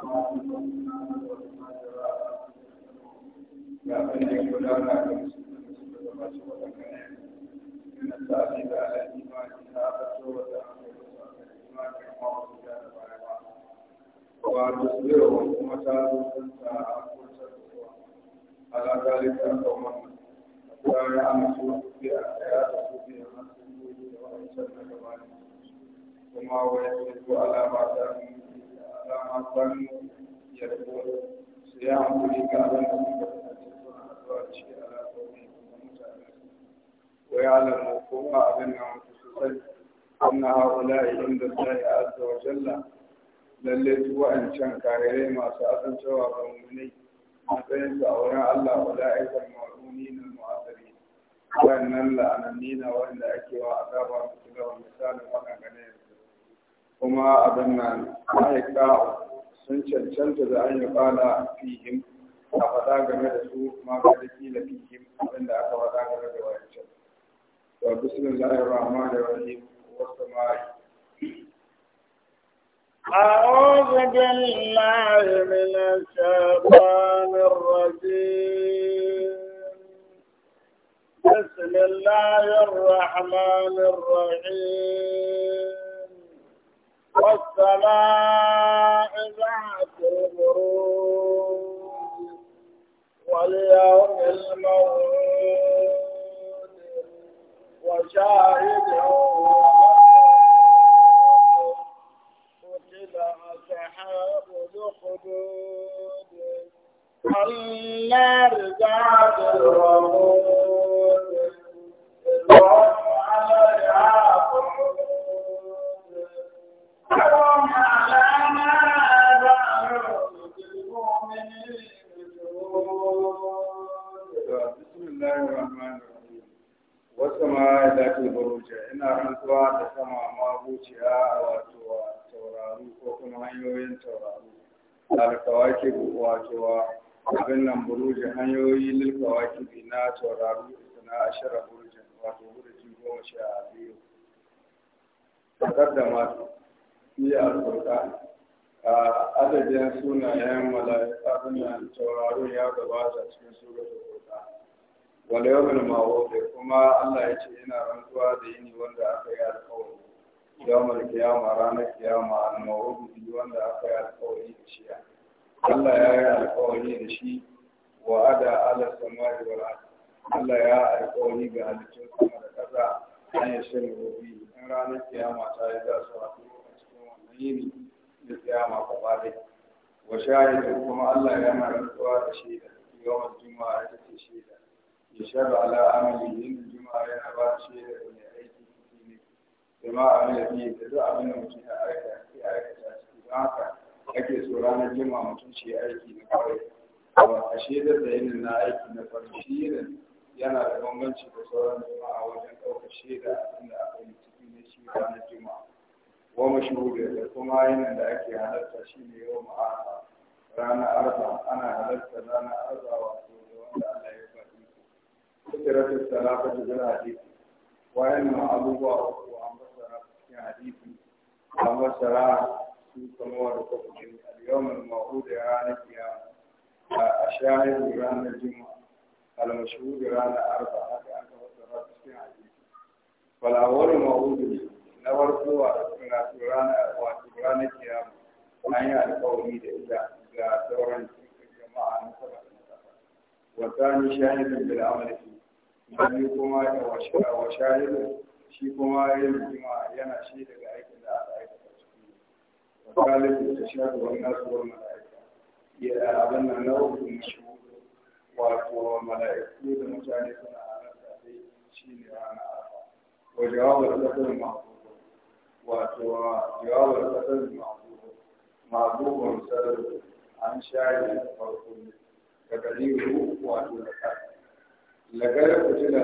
ga abin da ya gudana ga musulman da suka gabata waɗanda yana sa da ya da kuma ta a kurta a tsaya da su kuma wani alama dama kwanu yarbo su ya hankali ga abin da suka suna zuwa ce a labarin kuma mutane wa ya alamu ko ma abin nan su sani anna haula'i inda sai azza wa jalla masu asancewa mummunai a wurin Allah wala'ikan ma'aruni na wannan na wanda ake wa azaba su ga misalin waɗanda ne kuma abin nan ma'aika sun cancanta da an yi bala fihim a faɗa game da su ma ka da kila fihim abin da aka faɗa game da wancan to bismillahir rahmanir rahim wasama'i أعوذ بالله من الشيطان الرجيم بسم الله الرحمن الرحيم والسماء ذات البروج واليوم الموعود وشاهد قتل أصحاب الخدود النار ذات الوقود والسماء ذات البروج إن أنتوا تسمع ما بوجها واتوا تورارو وكما هنيوين تورارو الكواكب واتوا abin nan buruji hanyoyi lilkawaki na na wato sha biyu takardama shi albarka a adadin sunayen mala'ika suna tauraro ya gabata cikin suratul furqan wal yawmil mawud kuma Allah ya ce yana rantsuwa da yini wanda aka yi alƙawari yawmul qiyama ranar qiyama al mawud wanda aka yi alƙawari da shi Allah ya yi alƙawari da shi wa'ada ala samai wal ard Allah ya alƙawari ga halittun sama da ƙasa an yi shirin gobe in ranar kiyama ta yi za su addini da tsiyama gaba dai wa shahidin kuma Allah yana rantsuwa da shaida yawan juma'a ita ce shaida ya shaɗu ala amali yin juma'a yana ba da shaida da mai aiki ciki ne jama'a amala biyu da duk abin da mutum ya aika sai aikata ciki don haka ake so ranar juma'a mutum shi aiki na kwarai a shaidar da yin na aiki na kwarai shi yin yana da bambanci da sauran juma'a wajen ɗaukar shaida abin da aka yi ciki ne shi ranar juma'a wa mashhuri da kuma yinin da ake halarta shi shine yau ma'ana rana arba ana halarta rana arba wato da wanda Allah ya faɗi kusuratu salafatu bil hadisi wayannan abubuwa uku an fassara cikin hadisi an fassara su kamar da kuka ji al-yawmul maw'ud ya ranar kiyama a shahid ranar juma'a al-mashhur ranar arba haka an fassara cikin hadisi fal awwalu maw'ud na farko a ranar kiyama an yi alkawari da ita ga sauran jama'a na saba da saba wasani shahidin bil amalki wani kuma wa shahidin shi kuma yin jima yana shi daga aikin da aka aikata cikin wasalin da shaɗu wani nasu wani mala'ika ya abin nan na hukun shi wato mala'iku da mutane suna a nan da shi ne rana wajen wajen da kuma wato jawabin sadar mazuhun sadar an share farko da galibu wato da kan lagar Da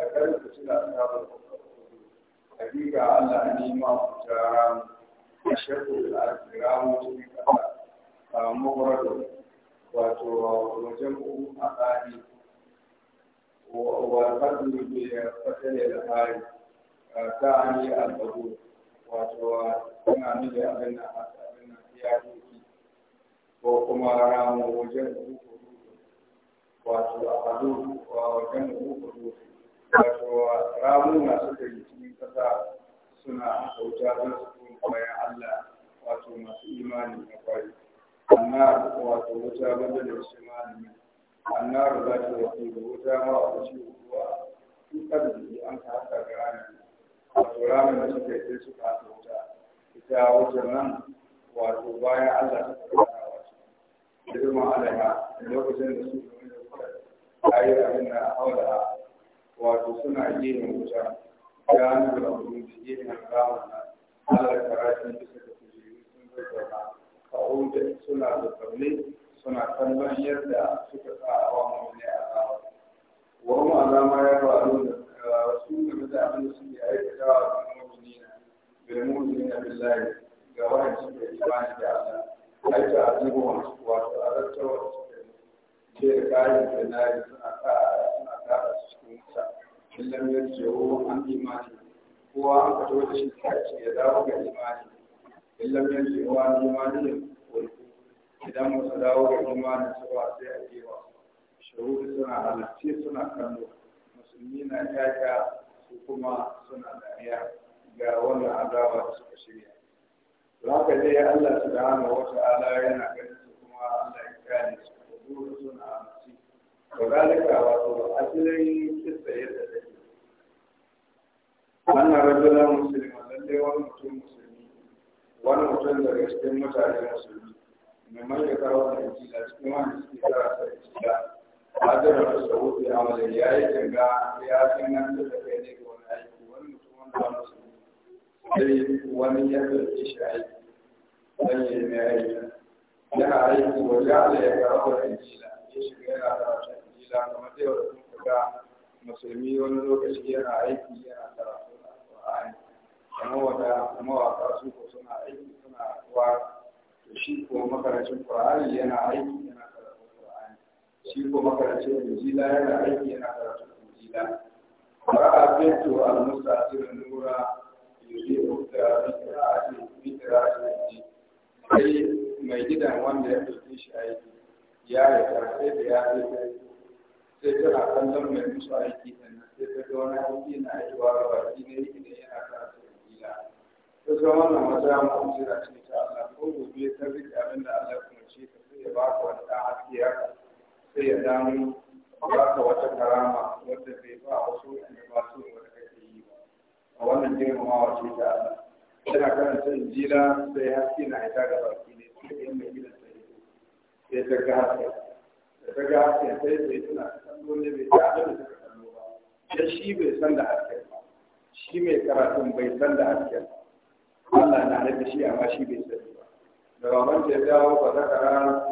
lagar kutila ta hakika Allah ne ma kuta ramu a shakku da ake ramu cikin kasa a mawurado wato wajen uku a tsari wa fadin da ya fata da tsari. sa'ani al-qabu wato suna nuna abin nan abin nan iyakoki ko kuma ramu wajen hukuru wato a hadu wajen hukuru wato ramu na suka yi cikin kasa suna bauta don su kuma bayan Allah wato masu imani na kwari annar wato wuta bada da su malami annar za ta wasu da wuta ma a wuce ruwa in ƙarfi an ta haka ga ranar wato ramin da suka yi suka asa wuta ita wutar nan wato bayan Allah ta fara wato da zama alaiha lokacin da su domin da suka ayi abin da haula wato suna yin wuta ya hannu da abin da yin ramin na. Allah ta rashin bisa da kujeru sun zazzauna ka'o da suna da zazzaune suna kallon yadda suka sa a wa mummune a ramin wa mu alama ya faru da wasu game da abin da suke aikatawa ga mu'minina bil mu'minina billahi ga wanda suke imani da Allah ai ta azibu wa kayan da suna ka suna ka cikin sa yarji'u an imani kowa an fito da shi kace ya dawo ga imani illam yarji'u an imani idan musu dawo ga imani sai a kewa shuru suna halarci suna kallo musulmi na yaka su kuma suna dariya ga wannan azaba da suka shirya to haka dai Allah subhanahu wata'ala yana ganin su kuma Allah ya kare su da dole suna amsi to zalika wato asalin kissa yadda take wannan rajulan musulmi lalle wani mutum musulmi wani mutum daga cikin mutane musulmi mai mai da kawo da injila cikin wani suke kara sa injila hajjar da su wuce a wajen ya yi canga ya san nan da kai ne ga wani aiki wani mutum wanda ba musu sai wani ya ɗauki shi aiki don ya yi mai aiki yana aiki wajen ala ya karo da injila ya shiga yana karatun injila kamar da yau da kuma ga musulmi wani lokaci yana aiki yana karatu na aiki. kamar wata mawaƙa su ko suna aiki suna kuwa to shi ko makarantun ƙwa'ani yana aiki shi ko makarancin injila yana aiki yana karatu karatun injila ra'a bintu al-mustasir nura yuzi'u da mikra'ati mikra'ati inji sai mai gidan wanda ya dauke shi aiki ya yi karfe da ya yi sai tana kallon mai musu aiki sannan sai ta ga wani aiki na aiwa ga baki ne idan yana karatun injila ta zama wannan wata mu'jira ce ta Allah ko gobe ta rike abin da Allah ya kuma ce ta sai ya ba ka wani ɗan haske ya sai ya dan ta wata karama wadda bai ba wasu da ba su wanda kake yi ba a wannan girmamawa ce ta Allah yana karanta injila sai haske na ita da baki ne sai yin mai gidan sai sai ta ga haske da ta ga haske sai sai tana kallo ne bai ta abin da ta kallo ba Sai shi bai san da haske ba shi mai karatun bai san da haske ba Allah na da shi amma shi bai sani ba da baban ta ya dawo ba zakara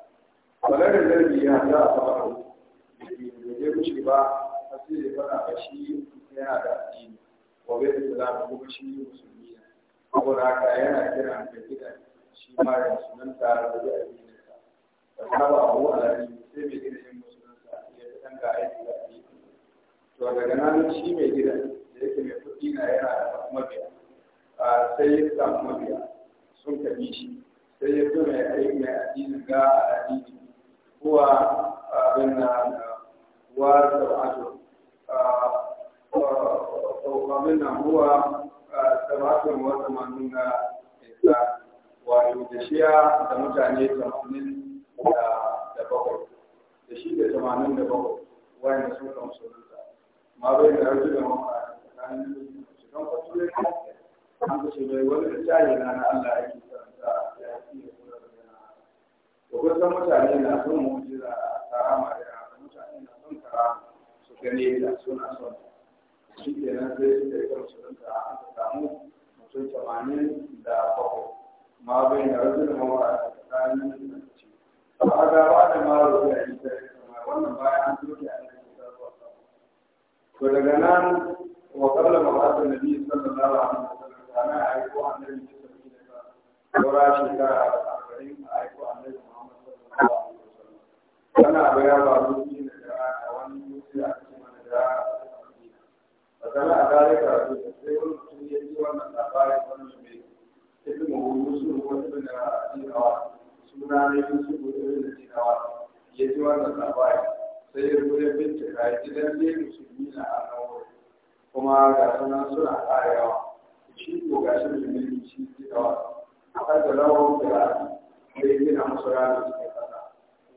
kwalarin zargi ya za a faru da da zai wuce ba a sai da fara ba shi yana da addini wa bai da salama kuma shi musulmi ne saboda haka yana kira da gida shi ma ya sunanta da zai addininsa da saba abu alaɗi sai mai gida yin musulunsa ya ta ɗan ga aiki da addini to daga nan shi mai gida da yake mai kuɗi na yana da mabiya sai ya samu mabiya sun kabi shi sai ya zo mai aiki mai addinin ga addini huwa abin ah, na ah, wa sab'atu abin na huwa ah, sab'atun wa samanuna isa wato da shiya da mutane da bakwai da shi da tamanin da bakwai wanda sun kan musulunta ma bai da da da na Allah yake kusan mutane na son mu'jiza a karama da mutane na son karama su gane da suna son shi ke nan sai su kai kan su rinka aka samu mutum tamanin da bakwai ma bai na rajin hawa a tsakanin da ce ba a ga ba da ma rufe a yi tare kamar wannan bayan an turke a nan kusa zuwa to daga nan wa kalla mawasan nabi sallallahu alaihi wasallam kana aiko annabi sallallahu alaihi wasallam saura shekara 40 aiko wani abu ya faru shi da jama'a wani mutu a cikin wani da a Masana a tare da su sai wani mutum ya ji wannan labarin wani mai tafi mahudu su wani da na jinawa suna ne su su gudu da jinawa ya ji wannan labarin sai ya gudu bincika ya gidan ne musulmi na a kan nan kuma ga sunan suna karewa shi ko ga shi musulmi shi jinawa A da rawar da ya gina musu ranar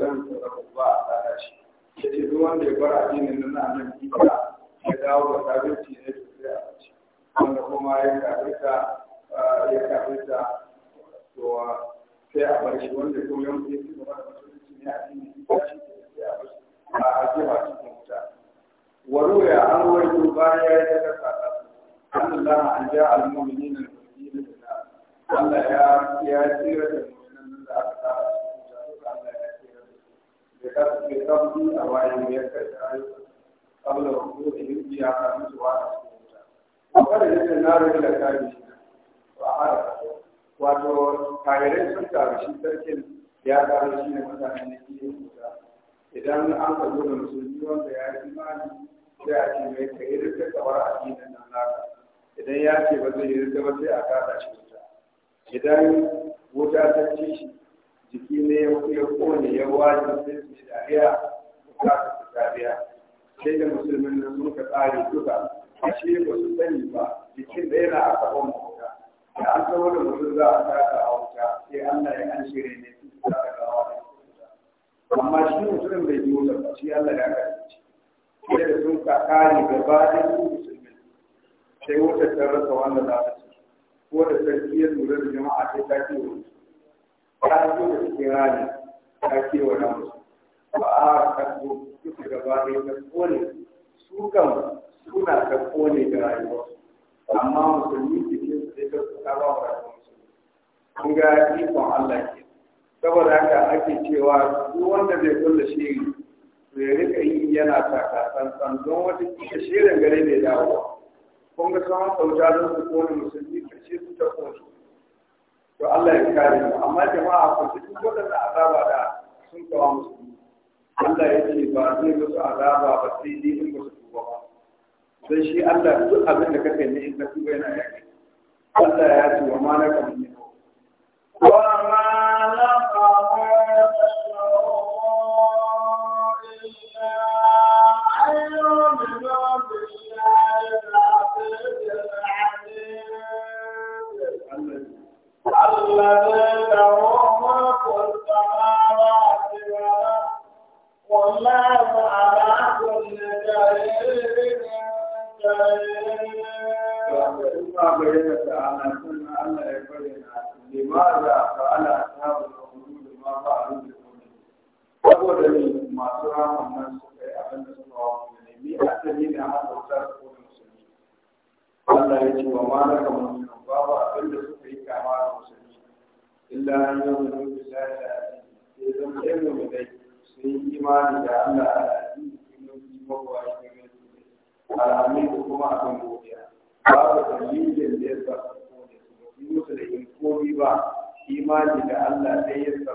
ran da ba a tsada shi ya ce duk wanda ya bar addinin nan na nan kika ya dawo da kafirci ne to sai a ci wanda kuma ya kafirta ya kafirta to sai a bar shi wanda kuma yanzu ya ci gaba da mutunci ne addinin kika shi sai a bar shi a cikin wuta وروي عن رجل بايع يتكفى أن الله أن جاء المؤمنين المسلمين بالنار أن يا يا سيرة بقبض أوائل قبل وقوعهم في عقد سواء وقد جئت النار إلى كارثة وأعرف wato kayarai sun taru shi sarkin ya taru shi ne mutane na kiyon guda idan an ka zo da musulmi wanda ya yi imani sai a ce mai ka yi rika kawar addinin nan naka idan ya ce ba zai yi ba sai a kada shi wuta idan wuta ta ci shi jiki ne ya ya kone ya waje sai su yi dariya su kasa su dariya sai da musulmin nan sun ka tsare duka shi ba su sani ba jikin da yana a gaban mota da an zama da mutum za a taka a wuta sai Allah ya an shirye ne su za ka gawa amma shi mutumin bai yi wuta ba shi Allah ya kasance sai da sun ka kare gaba da su musulmin sai wutar ta rasa wanda za ta ci ko da sarki ya lura da jama'a sai ta ce wuta ta da cikin rani ta ce wani musu ba a kasu duka gaba ɗaya ta kone su kan suna ta kone da rayuwa amma musulmi cikin su dai ta kuka ba wa rayuwa kun ga ikon Allah ke saboda haka ake cewa duk wanda zai kulle shiri to ya rika yi yana taka tsantsan don wata kika shirin gare mai dawo kun ga sun hauta don su kone musulmi karshe su ta kone to Allah ya kare mu amma jama'a ku ji duk wadannan azaba da sun kawo musu Allah ya ce ba zai su azaba ba sai dai in ba su tuba ba sai shi Allah duk abin da kake ne in ka tuba yana yake Allah ya ce wa ma na kamin ne ko الذي له ملك السماوات والارض والله على كل شيء لماذا فعل أصحاب الحدود ما فعلوا بالحدود؟ أقول لي ما ترى من نفسك أبن الله مني أتني أنا أختار المسلمين. الله يجب وما لك من بابا أبن سكي كما المسلمين. إلا أن يؤمنوا بالله العزيز zan لم يؤمنوا به سيء إيمان إلى أن العزيز يؤمن وهو يؤمن العميد كما أكون بوديا باب تمييز ليس يوسف da inkomi ba imani da Allah ɗaya ya sa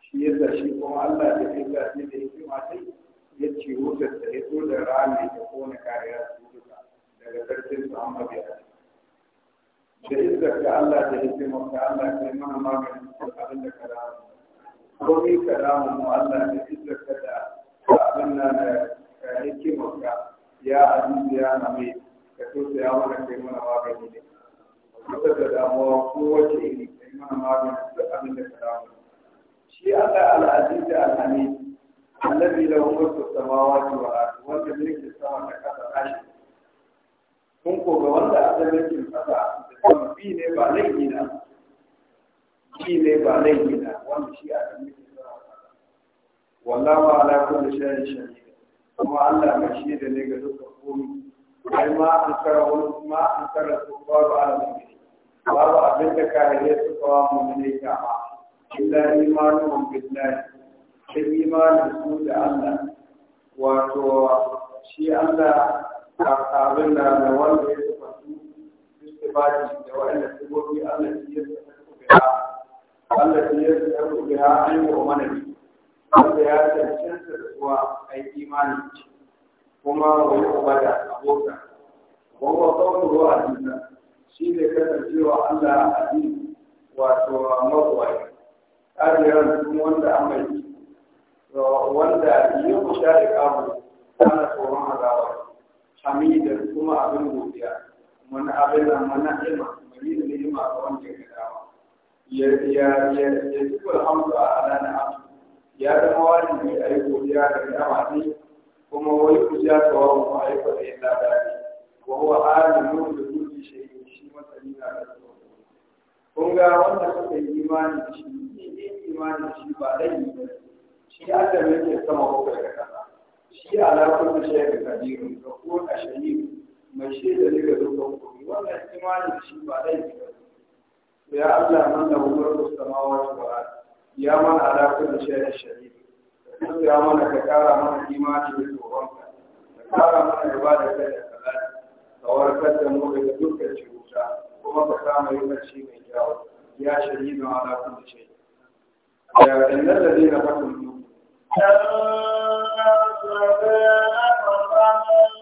shi yadda shi kuma Allah da ya gaji da sai ya ce wutar da ya zo da rami da kone kariya su duka daga ƙarfin su an mabiya da izzar da Allah da hikimar da Allah ka yi mana maganin abin da ka damu komai ka damu mu Allah da izzar ka da abin nan da hikimar ka ya azizu ya name ka tosa ya mana kai mana magani ne kusa da damuwa kowace iri ka yi mana maganin da abin da ka damu shi Allah al'aziz da al'amin الذي لو ملك السماوات والارض وانت ملك السماء كذا عشر kun ko ga wanda aka mulkin kasa bi ne ba laifi na bi ne ba laifi na wanda shi a kan miki wallahu ala kulli shay'in shahid kuma Allah mai shi da ne ga dukkan komai ai ma an kara wani ma an kara su babu ala mu'mini babu abin da kare su kawo mu'mini kama illa imanuhum billahi sai imanin su da Allah wato shi Allah a abin da na wanda ya sifati da waɗanda sifofi Allah shi ya saka biha Allah shi ya saka biha an wa mana wanda ya cancanta da zuwa yi imani kuma wani ubada abokan wawa ruwa a duniya shi ne cewa Allah a yi wato mazuwai ƙariyar duk wanda an wanda yi kusa da ƙabu ana tsoron azawa hamidar kuma abin godiya wani abin da mana ilma bari da ni'ima ga wani ya dama ya ya ya ya tuba hamdu ala na'am ya zama wajibi a yi godiya da dama ne kuma wai ku ja tawawu ko ayi ko da yadda da ne wa huwa alimu da kulli shay'in shi masani na da kun ga wanda suka yi imani da shi ne imani da shi ba dai ne shi Allah ne ke sama ko ga kasa shi ya kulli shay'in qadirun ko ko shay'in mai shaida daga ga dukkan kuma wannan imani shi ba laifi ba ya Allah man da hukumar samawa wa ya mana ala kulli shay'in shahid ya mana ka kara mana imani da tsoron ka ka kara mana ibada da salati ka warkar da mu daga dukkan cuta kuma ka kama yi bacci mai kyau ya shahidu ala kulli shay ya innal ladina fatalu الذين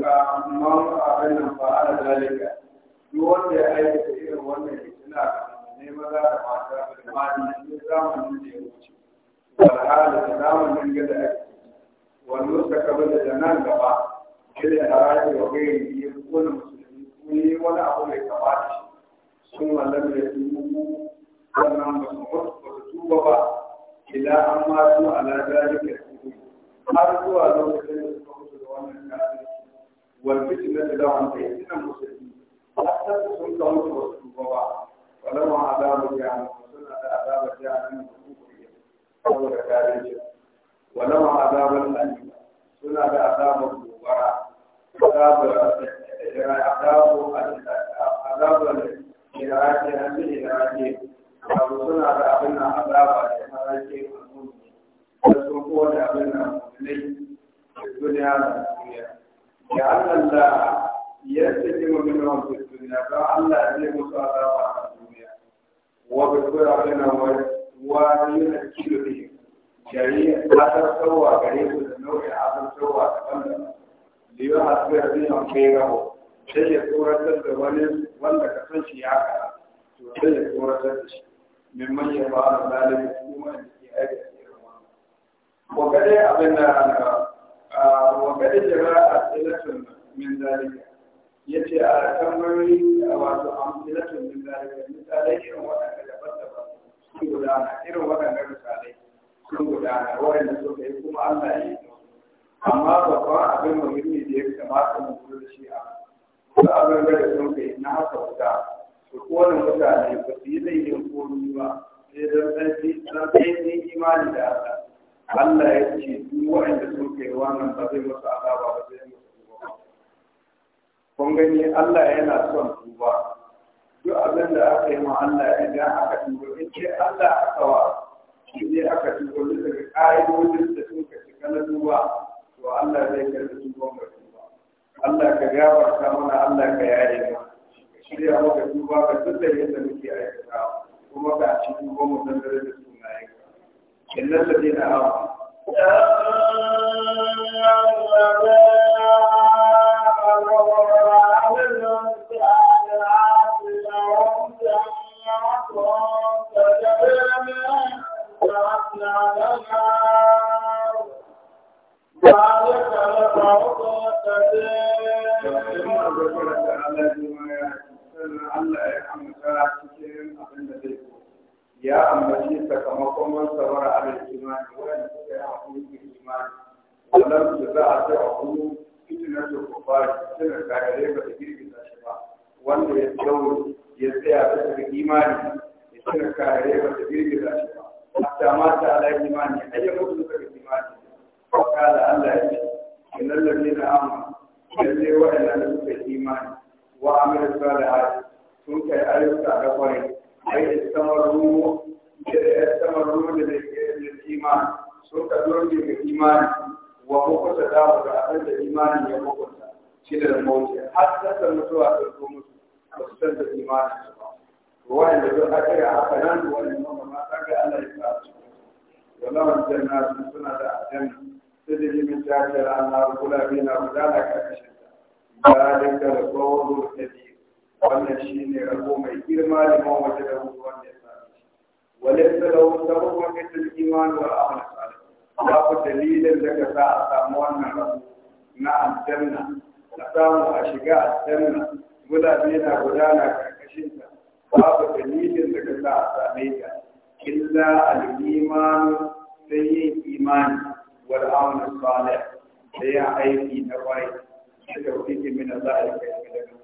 ga mamu abin nan ba wanda ya aikata irin wannan fitina ne maza da mata da da ya wuce walhala da wannan da gaba wa ya musulmi ko wani abu mai kama da shi sun da wannan ba su ba ila an ma su ala zalika har zuwa lokacin da suka mutu da wannan kafirci والفتنة لهم فيتنا مسلمين حتى تكون لهم رسول الله ولو عذاب جهنم وسنة عذاب جهنم كفرية أو كارثة ولو عذاب الأليم سنة عذاب الكبرى عذاب عذاب عذاب الإراك أهل الإراك أو سنة عذابنا عذاب الإراك والمؤمن وسنقول عذابنا مؤمنين في الدنيا ya Allah ya sake mu min Allah zai musu a duniya wa bi qur'ana wa wa yunakilu bihi jari asar da nau'i sai ya tsoratar da wani wanda shi ya kara sai ya tsoratar da shi kuma wa kada jira a tsilatun min zalika ya ce a tambayoyi a wato a tsilatun min zalika misalai irin waɗanda daban-daban sun gudana irin waɗanda misalai sun gudana waɗanda suka yi kuma Allah ya yi amma babban abin muhimmi da ya kamata mu kula da shi a wasu abin da sun kai na haka wuta su kowane mutane ba su yi laifin komi ba sai don ɗan ɗan imani da Allah Allah ya ce duk da sun ruwa nan ba zai musu azaba ba zai musu tuba kun gani Allah yana son duba? duk abin da aka yi ma Allah idan aka tuba in ce Allah a kawa shi ne aka tuba duka ga ƙa'idodin da sun ka cika na duba, to Allah zai karɓi tuban ka tuba Allah ka ta mana Allah ka yaye shi ne shirya maka tuba ka duk da yadda muke aikata kuma ka ci tuban mu dan da sunayenka إن الذين آمنوا Allah ya cikin abin da zai ya ambaci sakamakon man samara alal imani wanda suka yi hakuri da imani wannan da za a ce a na fitinar da kufari suna kare ba da girgiza shi ba wanda ya tsawo ya tsaya bisa ga imani ya suna kare ba da girgiza shi ba hatta ma ta ala imani a yi mutu bisa ga imani da Allah ya ce innal ladina amanu lalle da suka yi imani wa amilu salihati sun kai ayyuka da kwarai ai istamarru da istamarru da iman sun ka dole ga imani wa hukunta da ga abin da imani ya shi da har ta mutuwa ba da imani ba yi nan wani ta Allah ya suna da sai da kula gudana ka kashin ta wannan shi ne rago mai girma da man waje da ruwan da ya sami shi wale da lahu sababun kitul iman wa amal salih babu dalilin da ka sa a samu wannan rago na aljanna a samu a shiga aljanna gudabe na gudana karkashin ta babu dalilin da ka sa a same ta illa al-iman sai yin imani wal amal salih da ya aiki na kwarai da tawfiqi min Allah ya kai daga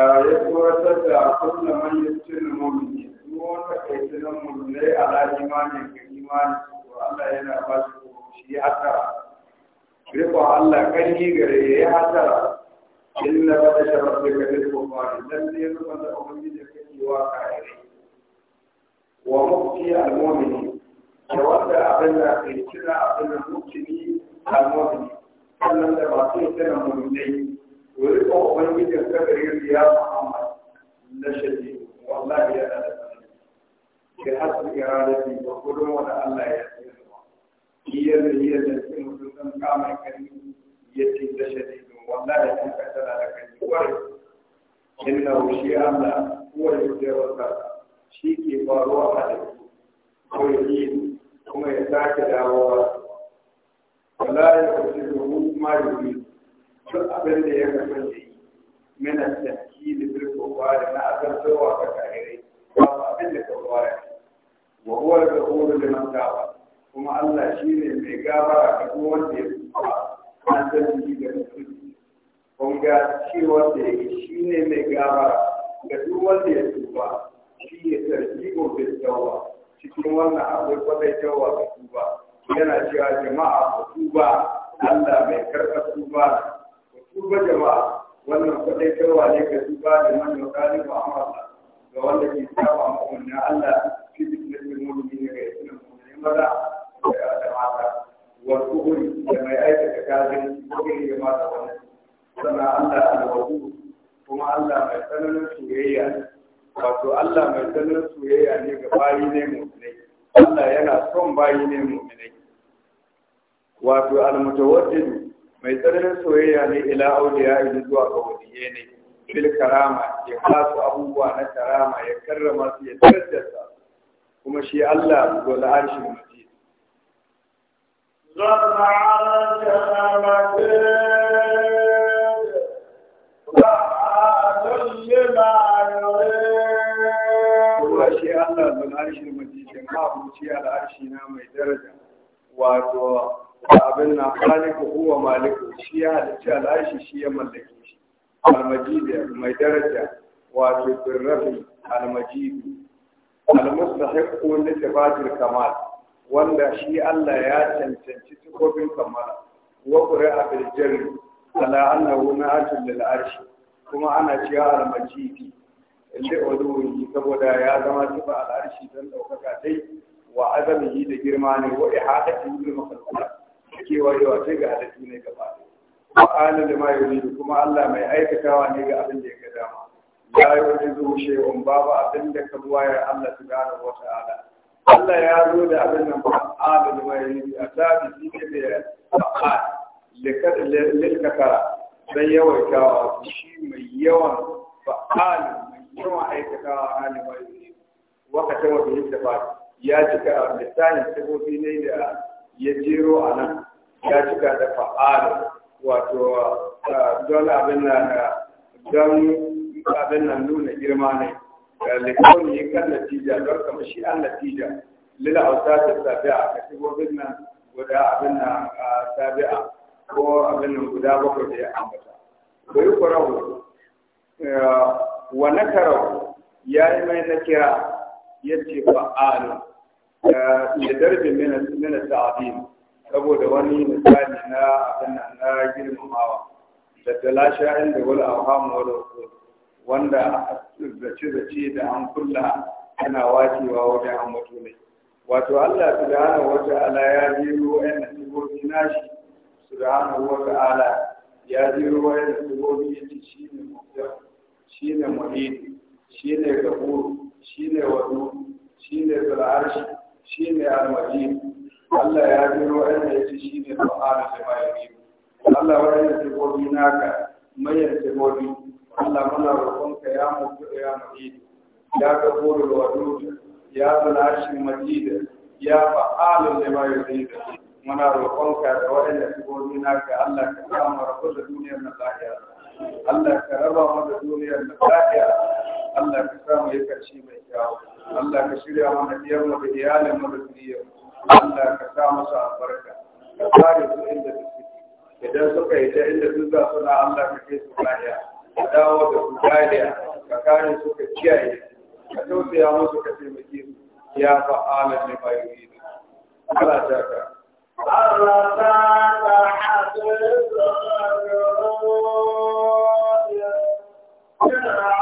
ya tsoratar da kullum man ya cin mummuni duk wanda ka yi tunan mummunai ala imanin ka imanin su Allah yana ba su shi hasara rikon Allah kanyi gare ya yi hasara illa ba da sharar da ka rikon fari dan ne rikon da ubangiji ka yi wa kare wa mufti al-mu'mini da wanda abin da ke kira abin da mutumi al-mu'mini sannan da ba su yi tunan mummunai ورقم أولوية الكبير يا محمد لشديد والله يا أدب بحسب إرادتي وقدوم الله يسير هي اللي هي التي مسلم كامل كريم يتي لشديد والله يتي كتل لك الجوار إنه شيء الله هو يبدأ وكذا شيء كبارو عليك هو يجيب ثم يتاكد على ولا يقصده ما يريد duk abin da ya kasance mina tahkili bil kufari na azabtawa ga kafirai ba abin da kafara wa huwa al-ghafur liman taba kuma Allah shi ne mai gaba a duk wanda ya tuba an san yi da mutum. kun ga shi wanda yake shine mai gaba ga duk wanda ya tuba shi ya tarjibo bil tawba cikin wannan akwai kwadai tawba ga tuba yana cewa jama'a ku tuba Allah mai karɓar tuba kuma jama'a wannan kudai kawai ne ga duba da manyan kalin mu'amala ga wanda ke saba mu'minin Allah fi fitnatul ne ga yakin mu'minin maza da mata wasu kuhuri da mai aikata kaje kuhuri ga mata wannan sannan Allah alwadu kuma Allah mai tsananin soyayya wato Allah mai tsananin soyayya ne ga bayi ne mu'minai Allah yana son bayi ne mu'minai wato almutawaddid mai tsananin soyayya ne ila auliya idan zuwa ga waliye ne fil karama ya kasu abubuwa na karama ya karrama su ya darajarsa kuma shi Allah zuwa ba, mutum ظل عرش مجيد فعال wato abin na khaliqu huwa maliku shi ya halicci al'ashi shi ya mallake shi al-majid mai daraja wato birrafi al-majid al-mustahiq li sifatil kamal wanda shi Allah ya cancanci tukobin kamala wa qura'a bil jarri ala annahu na'atul lil arsh kuma ana cewa al-majid li ulwi saboda ya zama sifa al-arshi dan daukaka dai wa azamihi da girma ne wa ihadatihi bil makhluqat kewayewa sai ga adadi ne gaba wa alil ma yuridu kuma Allah mai aikatawa ne ga abin da ya ga dama zuwa yuridu shay'un babu abin da ka buwaya Allah subhanahu wata'ala Allah ya zo da abin nan ba alil ma yuridu a tabi shi ne da fa'al lil kasara dan yawaitawa shi mai yawan fa'al mai yawan aikatawa alil ma yuridu wa katama da ba ya cika misalin sabobi ne da ya jero a nan ya cika da fa'al wato don abin na don abin nan nuna girma ne da likon yi kan natija don kama shi an natija lila hausa ta tabi'a a kasibobin nan guda abin na tabi'a ko abin nan guda bakwai da ya ambata bai kurahu wa nakarau ya yi mai na kira yadda fa'al da darbe mina sa'adini saboda wani misali na abinnan na girmamawa da talasha da wani alhamu wal uqul wanda zace zace da an kulla ana wacewa wani an mutu ne wato Allah hana wata ala ya jiro shi, sibobi nashi hana wata ala ya ya shi ne sibobi shi ne mutum shi ne shine shi ne wadu shi ne arshi shi al almajin Allah ya biro wanda ya ci shi ne a da bayani Allah wanda ya gobi naka mayar da gobi Allah muna roƙonka ya mutu ya mutu ya ga kodin wa dudu ya zana shi majida ya fa'ala da bayani muna roƙonka da wanda ya gobi naka Allah ka samu rabu da duniyar na lafiya Allah ka raba mana da duniyar na lafiya Allah ka samu ya karshe mai kyau Allah ka shirya mana diyar mu da iyalin mu da duniyar mu Allah ka sa ka kare su inda su idan suka yi ta inda suna Allah ka kai su ka dawo da su ka kare su ka kiyaye ka tausaya musu ka taimake su ya ne yi Allah ta ka Allah ta ta hadu da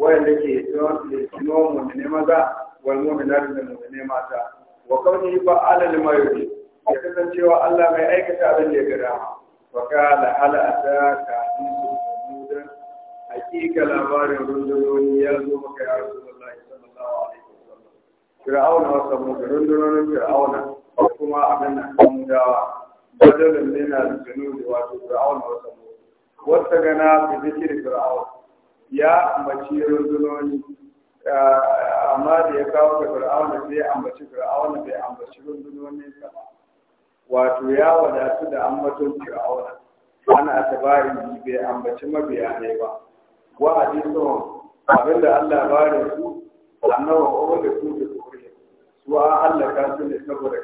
wayanda ke tsino mu'mine maza wal mu'minatu da mu'mine mata wa kauni fa'ala lima yuri ya kasancewa Allah mai aikata abin da ya ga dama wa kala hal ataka hadisu hakika labarin rundunoni ya zo maka ya Rasulullahi sallallahu alaihi wasallam fir'auna wa samud rundunonin fir'auna kuma abin nan samudawa badalin lina da junudi wato fir'auna wa samud wasta gana fi zikir fir'auna ya ambaci rundunoni eh, amma da ya kawo ga fir'auna sai ya ambaci fir'auna bai ambaci rundunoni ba wato ya wadatu da ambaton fir'auna ana atabarin bai ambaci mabiya ne ba wa hadisun abinda Allah da su annawa ko da su da kuri su a Allah ka su ne saboda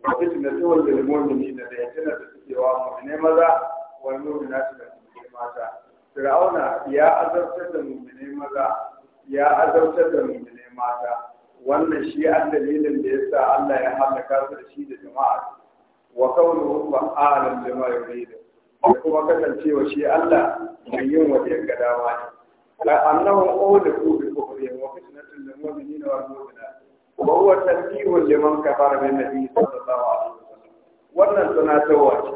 Kuma wa fitna tawal lil ne da yana da cewa ne maza wal mu'minatu da mata fir'auna ya azabtar da mummune maza ya azabtar da mummune mata wannan shi an dalilin da ya sa Allah ya halaka su da shi da jama'a wa kaunuhu fa'alan lima yuridu da kuma kasancewa shi Allah mai yin wata ga dama ne la annahu ku bi kufrihim wa fitnatul lil mu'minina wal mu'minat wa huwa tanbihun liman kafara bin nabiy sallallahu alaihi wasallam wannan tunatarwa ce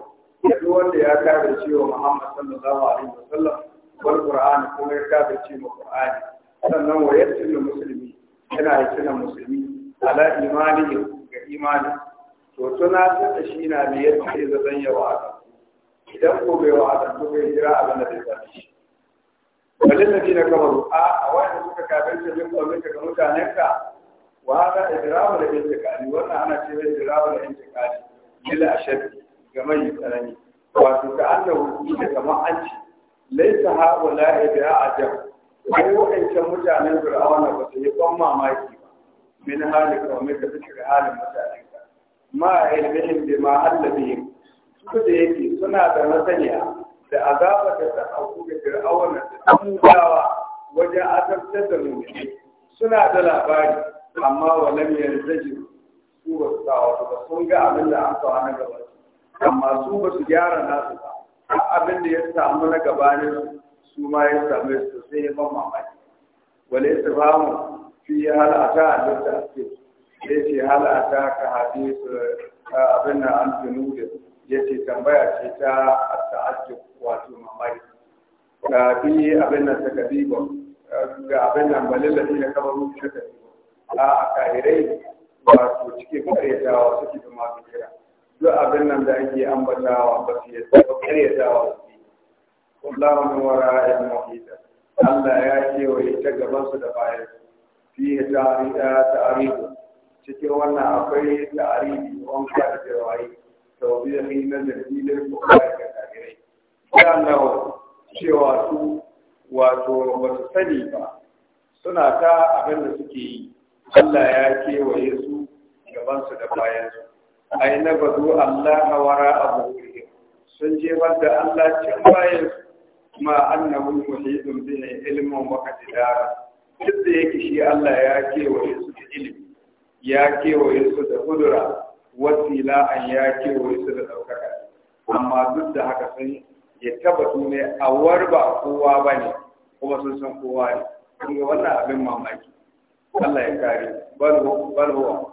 duk wanda ya kafa cewa Muhammad sallallahu alaihi wasallam wal Qur'an kuma ya kafa cewa Qur'ani sannan wa yatsil muslimi yana yakin musulmi ala imani ga imani to tuna da shi na da yadda zai zan yawa idan ko bai wa to bai jira abin da zai zama shi balin da dina kamar a a wanda suka kafin ta jin kwamin ka ga mutanen ka wa hada idramu da intikali wannan ana cewa idramu da intikali lil ashaddi ga mai tsanani wato ka annahu da kamar an ce laisa da bi ajab wai wa'ancan mutanen fir'auna ba su yi ban mamaki ba min halin hali kawai da suke halin mutanen ka ma a ilmihim bi ma allabihim su da yake suna da masaniya da azaba da ta auku da fir'auna da tsamudawa wajen azabtar da mummuni suna da labari amma wa walam yanzu su ba su ba sun ga abin da an kawo na gaba amma su ba su gyara nasu ba abin da ya samu na gabanin su ma ya same su sai ya ban mamaki wale ya mu fi ya halata a lissa ce ya ce halata ka haɗe hadisu abin da an tunu da ya ce tambaya ce ta a ta'ajjub wato mamaki ka fi abin da ta ba ga abin nan da ne na kamar rubuta kadibon a kahirai wato cikin karyatawa suke da masu kira duk abin nan da ake ambatawa ba su yadda ba karyatawa su yi kullum min wara'il mahita Allah ya ya ta gaban su da bayan su fiye ta'aribu eh, cikin wannan akwai ta'aribi wanka da jawayi tawbihi na dalilin nan da kafirai ya Allah cewa su wato ba su sani ba suna ta abin da suke yi Allah ya ya su gaban su da bayan su aina na bazu Allah wara abu sun je wanda Allah cin bayan ma annahum muhidun ba ilmun wa qadara duk da yake shi Allah ya kewaye su da ilimi ya kewaye su da kudura wasila an ya kewaye su da daukaka amma duk da haka sun ya tabbatu ne a warba kowa ba ne kuma sun san kowa ne kuma wannan abin mamaki Allah ya kare balwa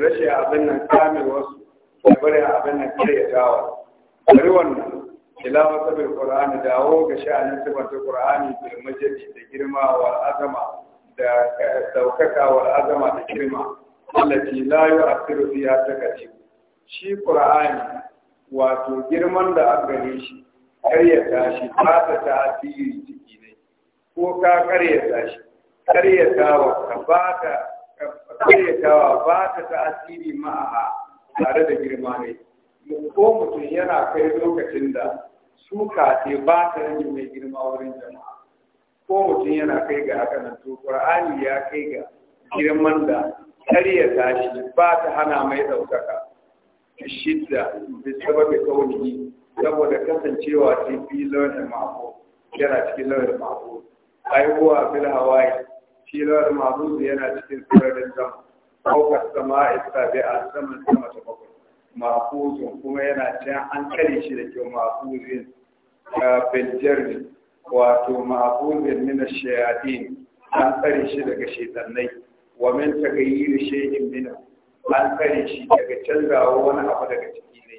rashin abin nan wasu, da bari abin nan karyatawa bari wannan tilawa sabir qur'ani dawo ga sha'anin sifatu qur'ani bil majdi da girma wal azama da daukaka wal azama da girma allati la yu'athiru fiha takati shi qur'ani wato girman da aka gare shi karyata shi ba ta ta'asiri ciki ne ko ka karyata shi karyatawa ka ba karyatawa ba ta ma a tare da girma ne ko mutum yana kai lokacin da suka ce ba ta rage mai girma wurin jama'a ko mutum yana kai ga haka nan to qur'ani ya kai ga girman da karya tashi ba ta hana mai daukaka shidda da sababi kaunihi saboda kasancewa ce fi lauyin mako yana cikin lauyin mako aihuwa fil hawaii filar lawar yana cikin sararin sama a sama istabi a saman sama ta bakwai mahfuzun kuma yana can an kare shi da kyau mahfuzin beljarri wato mahfuzin min shayatin an kare shi daga shaitanai wa min tagayyir shay'in min an kare shi daga canzawa wani abu daga ciki ne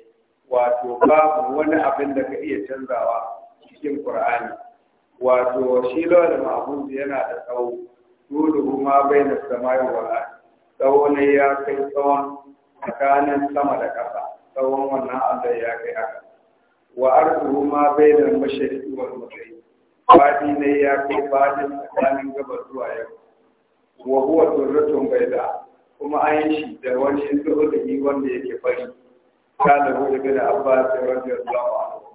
wato babu wani abin da ka iya canzawa cikin qur'ani wato shi lawal mahfuz yana da tsawo dudu ma bai na samai wala tsawon ya kai tsawon tsakanin sama da ƙasa tsawon wannan allah ya kai haka wa arzuhu ma bai da mashari wa mutai fadi ne ya kai fadin tsakanin gabas zuwa yau wa huwa turratun da, kuma an yi shi da wani yi wanda yake fari kana da ibn abbas radiyallahu anhu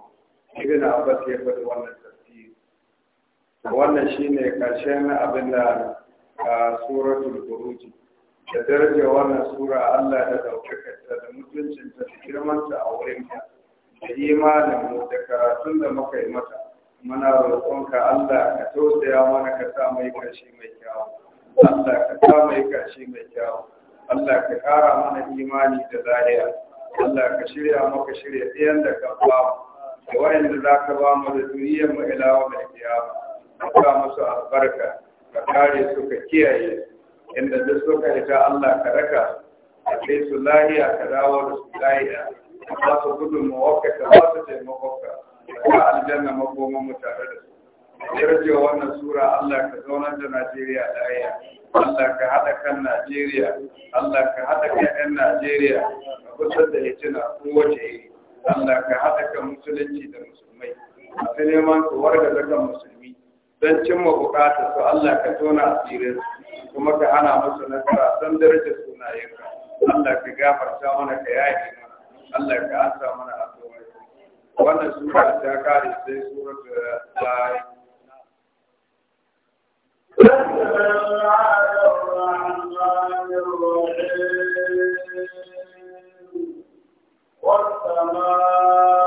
ibn abbas ya fadi wannan wannan shine na abin da suratul buruj da daraja wannan sura Allah da daukakarta da mutuncinta da girmanta a wurinka da imanin mu da karatun da muka yi mata muna ka Allah ka tausaya mana ka sa mai karshe mai kyawu Allah ka sa mai karshe mai kyawu Allah ka ƙara mana imani da zariya Allah ka shirya maka shirya ɗayan da ka ba mu da wayanda za ka ba mu da duniyar mu ila wa mai kyawu ka musu albarka ka kare su ka kiyaye inda duk suka hita Allah ka raka a kai su lahiya ka dawo da su lahiya ka ba su gudun mawaka ka ba su taimakonka ka aljanna magoma mu tare da su yarje wannan sura Allah ka zaunar da Najeriya lahiya Allah ka haɗa kan Najeriya Allah ka haɗa kan 'yan Najeriya ka kusa da hitina kowace iri Allah ka haɗa kan musulunci da musulmai masu neman su warga zakan musulmi don cimma bukata su Allah ka tona asirin kuma ka hana musu nasara don daraja sunayenka Allah ka gafarta mana ka yaye mana Allah ka ansa mana addu'a wannan sura ta kare sai sura ta والسماء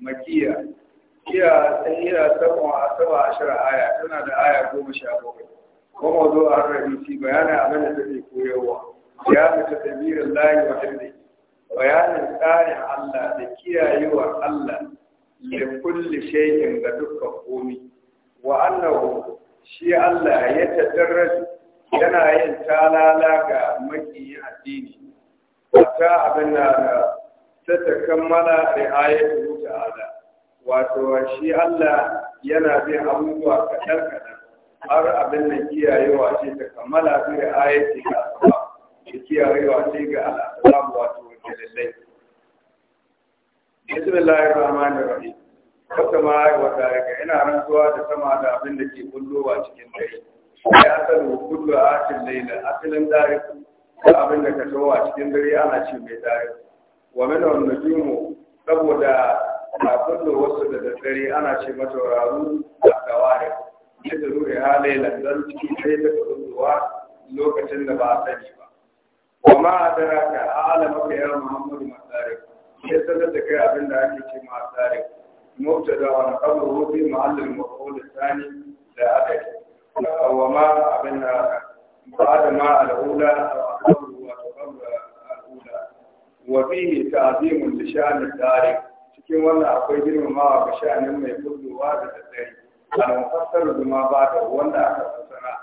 makiya iya tsayiya sama sama ashirin aya tana da aya goma sha bakwai kuma zo a rabisi bayanin abin da take koyarwa ya fita tabirin layi wa hirri bayanin tsarin Allah da kiyayewa Allah da kulle shayin ga dukkan komi wa annahu shi Allah ya tadarrasu yana yin talala ga makiyin addini wata abin da ta takammala ri'ayatu ala, wato shi Allah yana bin abubuwa kaɗan kaɗan har abin da kiyayewa ce ta kammala da ri'ayati ga asbab da kiyayewa ce ga al'adu wato dalilai bismillahir rahmanir rahim wata ma wata daga ina rantsuwa da sama da abin da ke a cikin dare ya asalu a atin laila asalin dare ko abin da ka a cikin dare ana ce mai dare wa min an nujumu saboda a kullu wasu da daddare ana ce mata rawu da kaware ce da ruhi halailan dan cikin sai ta kullowa lokacin da ba a sani ba wa ma adraka a'lamu ya muhammadu masarif sai sanar da kai abin da ake ce ma masarif مبتدا ونقبله في محل المفعول الثاني لا أدري وما أبن بعد ما الأولى وقبله وقبل الأولى وفيه تعظيم لشأن التاريخ cikin wannan akwai girmamawa ga sha'anin mai furdowa da daddare al-mufassar da ma ba wanda aka fassara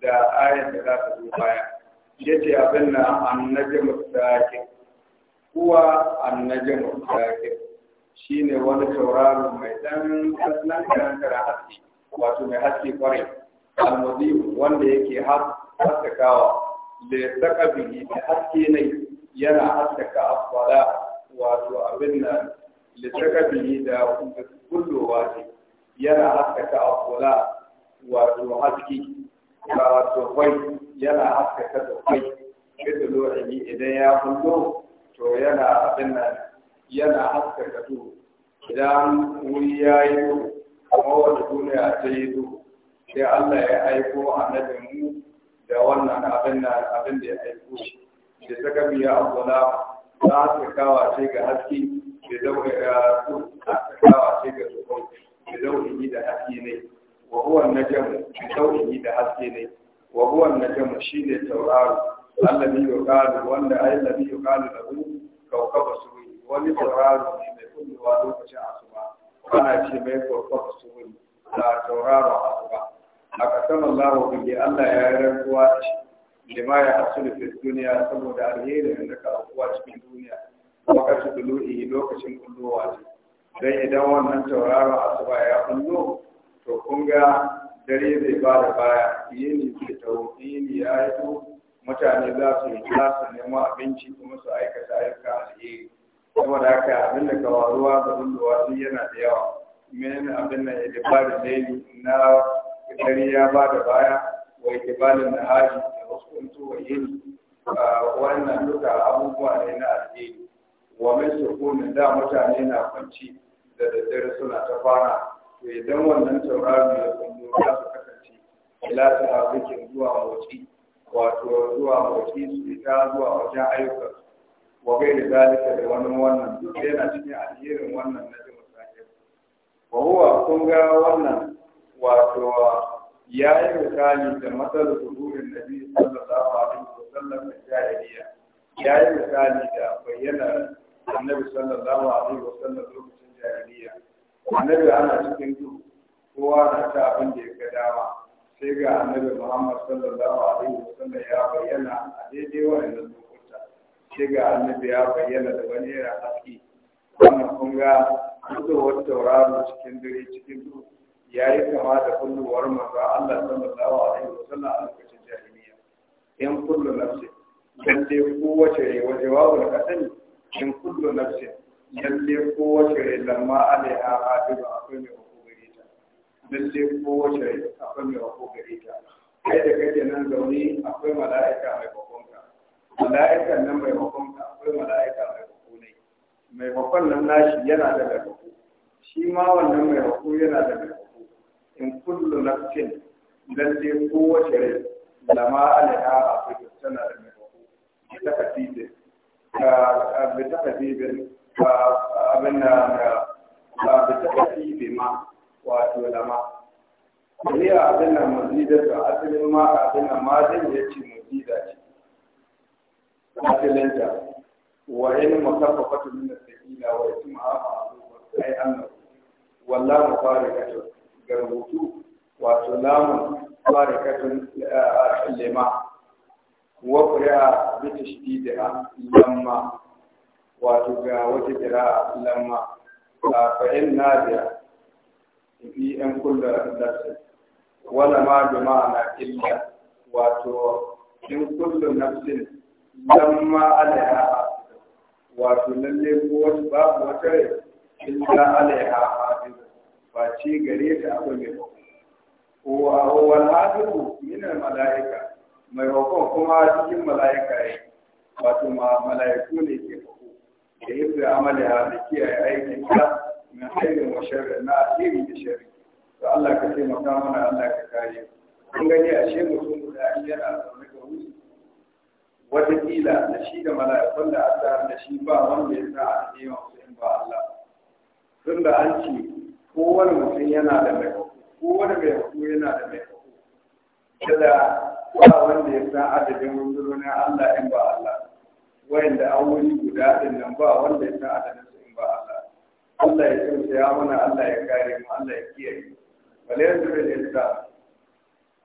da ayar da za ta zo baya yace abin na annajmu sakin kuwa shine wani tauraro mai dan kasnan kankara haske wato mai haske kwarai almudi wanda yake haskakawa da saka bihi da haske ne yana haskaka afwala wato abin nan da saka bihi da kullowa ce yana haskaka afwala wato haske wato kwai yana haskaka da kwai idan ya kullo to yana abin nan yana haskaka duhu idan wuri ya yi duhu kuma wata duniya ta yi duhu sai Allah ya aiko annabin mu da wannan abin da abin da ya aiko shi da ta gabi ya abula ta haskakawa ce ga haske da zauka ga su haskakawa ce ga tsohon da zauki da haske ne wa huwa najm da zauki da haske ne wa huwa najm shine tauraro allazi yuqalu wanda ay allazi yuqalu lahu kawkaba su wani tauraro ne mai kullewa lokacin asuba ana ce mai kurkwata suhun da tauraro asuba a kasar Allah kuke Allah ya yi ce da ma ya da fi duniya saboda alherin da ka aukuwa cikin duniya lokacin dulu'i lokacin kullowa ce don idan wannan tauraro asuba ya kullo to kun ga dare zai ba da baya ne ke tau ne ya yi mutane za su yi za su abinci kuma su aikata ayyuka alheri saboda haka abin da kawaruwa da runduwa sun yana da yawa min abin da ya da laili na dare ya ba da baya wa ikibalin na haji da wasu kuntu wa a wannan duka abubuwa ne na addini wa mai sukunin da mutane na kwanci da daddare suna ta fara to idan wannan taurari ya kundu za su kasance ila ta zuwa motsi wato zuwa motsi su ita zuwa wajen ayyukansu wa gairi zalika da wani wannan duk yana cikin alherin wannan na jin musahib Ba huwa kun ga wannan wato ya yi misali da matsalar zuhurin nabi sallallahu alaihi wasallam da jahiliya ya yi misali da bayyana annabi sallallahu alaihi wasallam lokacin jahiliya annabi ana cikin duhu kowa na ta abin da ya ga dama sai ga annabi muhammad sallallahu alaihi wasallam ya bayyana a daidai wannan sai annabi ya bayyana da wani yana haske wannan kun ga fitowar tauraro cikin dare cikin duhu ya yi kama da kulluwar manzo Allah sallallahu alaihi wa sallam a lokacin jahiliya in kullu nafsin lalle kowace rai wa jawabul qasam in kullu nafsin lalle kowace rai lamma alaiha hadiru akwai mai wako gare ta lalle kowace rai akwai mai wako gare ta kai da kake nan zaune akwai mala'ika mai wako mala'ikan nan mai ta akwai mala'ika mai ne mai hukun nan nashi yana da mai hukun shi ma wannan mai hukun yana da mai hukun in kullu nafsin lalle kowace rai lama alaiha a fitar tana da mai hukun ita ka titin bita kadibin abin na bita kadibi ma wato lama ne abin na mazidar da asalin ma abin na mazin ya ce mazida ce fatilinta wa in musaffafatu min as-sakila wa isma'a ma'ruf ay annahu wallahu mubarakatu ga rubutu ah, wa salamun barakatun lima wa shi da tashdidiha lamma wato ga wata qira'a lamma fa in nadiya fi an kullu darsi wala ma na illa wato in kullu nafsin lamma alaiha wato lalle ko wata babu wata rai illa alaiha hafiz ba ce gare ta akwai mai wa wal hafizu min al malaika mai hukun kuma cikin malaika ne wato ma malaiku ne ke hukun da yadda amaliha da kiyaye aikin ta min khairin wa sharri na asiri da sharri to Allah ka taimaka mana Allah ka kare kun gani ashe mutum da yana watakila da shi da mala'ikun da aka da shi ba wanda ya sa a neman su in ba Allah tun da an ce kowane mutum yana da mai kowane mai hukumu yana da mai hukumu da ba wanda ya sa adadin na Allah in ba Allah wayanda an wuri guda ɗin nan ba wanda ya sa adadin su in ba Allah Allah ya tausa ya mana Allah ya kare mu Allah ya kiyaye mu bale yanzu da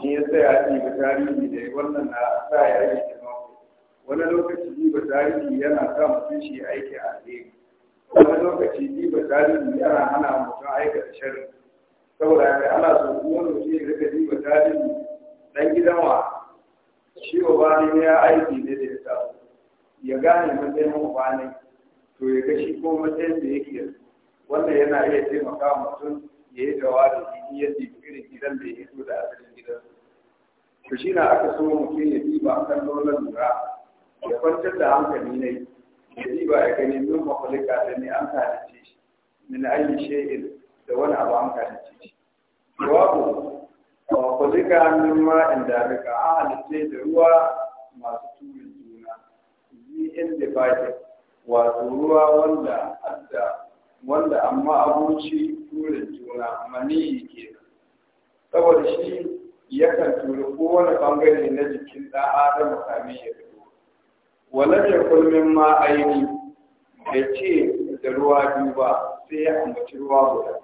shi ya tsaya ɗi ga tarihi da wannan na sa ya rage girman wani lokaci ɗi ba tarihi yana sa mutum shi aiki a alheri wani lokaci ɗi ba tarihi yana hana mutum aikata sharri saboda haka ana so kuma mutum ya rika ɗi ba tarihi dan gidan wa shi uba ne ya aiki ne da ya samu ya gane matsayin uba ne to ya ga ko matsayin da yake wannan yana iya taimaka mutum ya yi jawabi in ya ce irin gidan da ya hito da asalin gidan to shi na aka so mutum ya diba a kan nonon lura ya kwantar da hankali ne ya diba ya gani min makulika da ne an kalice shi min ayi shay'in da wani abu an kalice shi jawabu makulika min ma'in da rika an halice da ruwa masu turin juna zai inda bakin wato ruwa wanda adda wanda amma abuci turin juna maniyi ke saboda shi yakan turi kowane bangare na jikin da adam kamin ya fito wala ya kulmin ma aini bai ce da ruwa biyu ba sai ya ambaci ruwa guda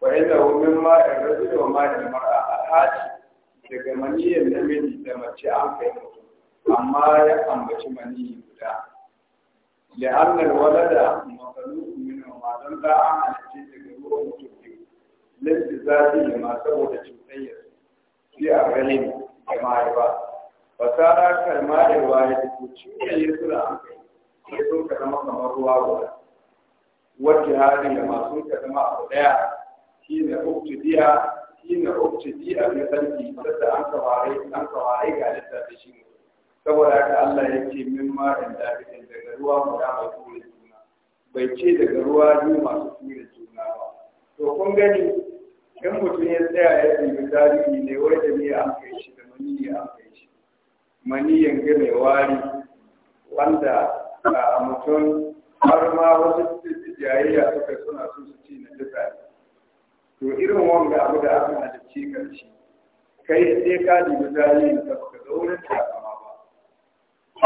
wa inda min ma in rasu da ma da mara daga maniyyar namiji da mace an kai amma ya ambaci maniyi guda لأن الولد مخلوق من وما لا عمل شيء تجربه ليس لذاته ما سوى تشوفيه في أغلب كما يبقى فصار كالماء الواحد تشوفيه يسرع عنك يسوع كما كما هو وجهاد لما سوك كما أولئك حين أبتديها حين أبتديها بخلقه تسأل أنت وعليك أنت وعليك على التابشين saboda haka Allah ya ce min ma'in dabitin daga ruwa da mai tura juna bai ce daga ruwa biyu masu tura juna ba to kun gani in mutum ya tsaya ya dubi tarihi ne wai da me an kai shi da mani ne an kai shi maniyin ga mai wari wanda a mutum har ma wasu jayayya suka suna so su ci na duka to irin wanga abu da aka halicce karshe kai sai ka dubi tarihi ka ga wurin da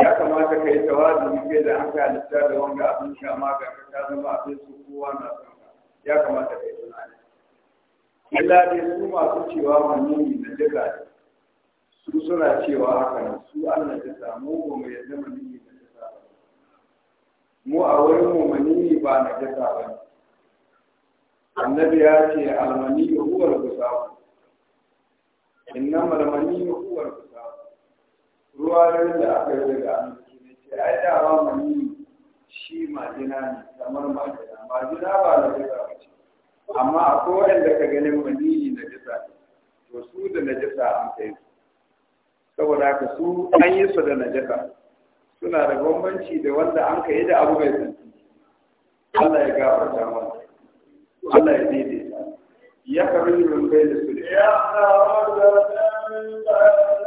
ya kamata ka yi tawazi ke da an kai da da wanda abin sha ma ga ka ta zama abin su kowa na son ya kamata ka yi tunani illa dai su masu cewa manini na daga ne su suna cewa haka ne su Allah ta samu ko mai yadda manini na daga ba mu a wurin mu manini ba na daga ba ne annabi ya ce almani huwar gusawa innama almani huwar gusawa ruwayoyin da aka yi daga amince ne ce ai da ba mani shi majina ne kamar majina majina ba na jisa ba ce amma akwai wanda ka ganin mani na jisa to su da na jisa an kai su saboda haka su an yi su da na jisa suna da bambanci da wanda an kai da abu mai tsanci Allah ya gafarta mana Allah ya daidaita ya karu yin bai da su da ya karu da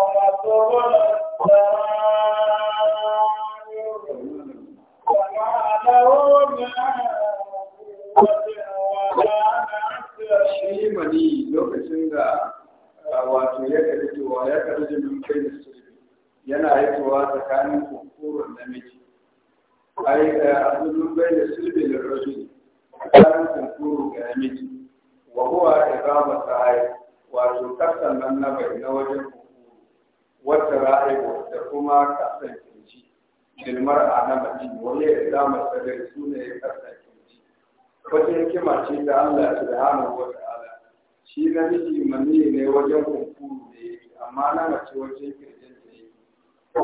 ikamar sadar su ne ya karta kimci wata hikima ce ta Allah subhanahu wa ta'ala shi namiji mani ne wajen kunkuru da ne amma na mace wajen kirjin ta yi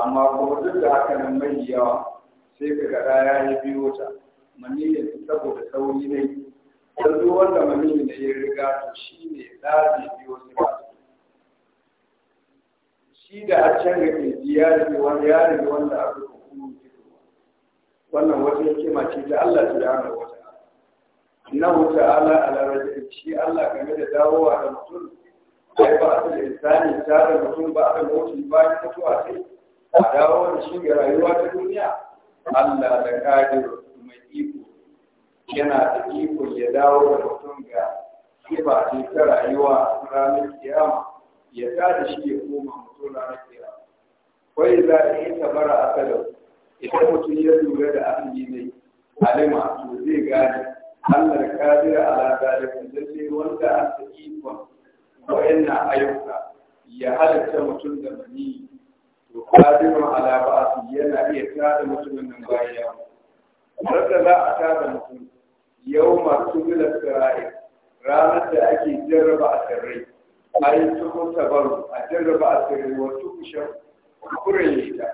amma kuma duk da haka nan mai yawa sai ka gada ya yi biyo ta mani ne saboda sauri ne don duk wanda mani ne ya riga to shi ne ɗazi biyo sai ba shi da a can ga kirji ya rage wanda ya rage wanda a duk wannan wata hikima ce ta Allah subhanahu wa wata annahu ta'ala ala rajul shi Allah game da dawowa da mutum ai ba su da insani tare da mutum ba da mutum ba ya fito a sai a dawo da shi ga rayuwa ta duniya Allah da kadir mai iko yana da iko ya dawo da mutum ga kiba ce ta rayuwa ranar kiyama ya tada shi ya koma mutum ranar kiyama wai za a yi tabara a kalau idan mutum ya lura da asali ne alima to zai gane Allah kadira ala zalika lalle wanda an ta ko wa'annan ayyuka ya halatta mutum da mani to kadirun ala ba'asi yana iya tada mutumin nan bayan ya za a tada mutum yau masu bilar sarai ranar da ake jarraba a sirrai a yi tukun tabaru a jarraba a sirrai wasu kushen kuren yi ta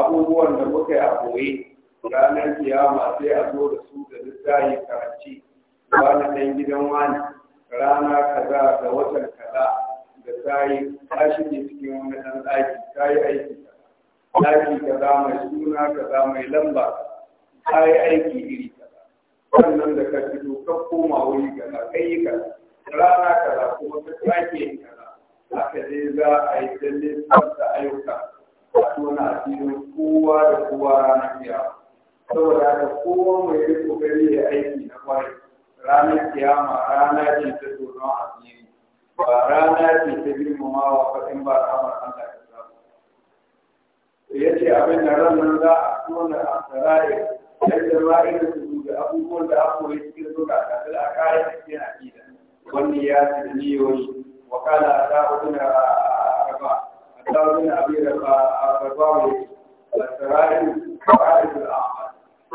abubuwan da muka yi a boye ranar kiyama sai a zo da su da littafi karanci na ɗan gidan wani rana kaza da watan kaza da ta yi ta shige cikin wani ɗan ɗaki ta yi aiki ɗaki kaza mai suna kaza mai lamba ta yi aiki iri kaza sannan da ka fito ka koma wuri kaza kai yi kaza rana kaza kuma ka sake yin kaza haka dai za a yi dalilin lissafta ayyuka a tona a cikin kowa da kowa ranar kiyama saboda Ta kowa mai yi kokari ya aiki na kwarai ranar kiyama rana ce ta tsoron asiri ba rana ce ta girmamawa ba in ba ramar Allah ta samu ya ce abin da ranar za a tona a sarayi yadda ra'ayin su da abubuwan da aka yi cikin zuka kafin a kayan cikin aƙida wani ya ce da niyoyi wakala ta hukunar daunin abin da ba a karba mu da tsirarin tsirarin da a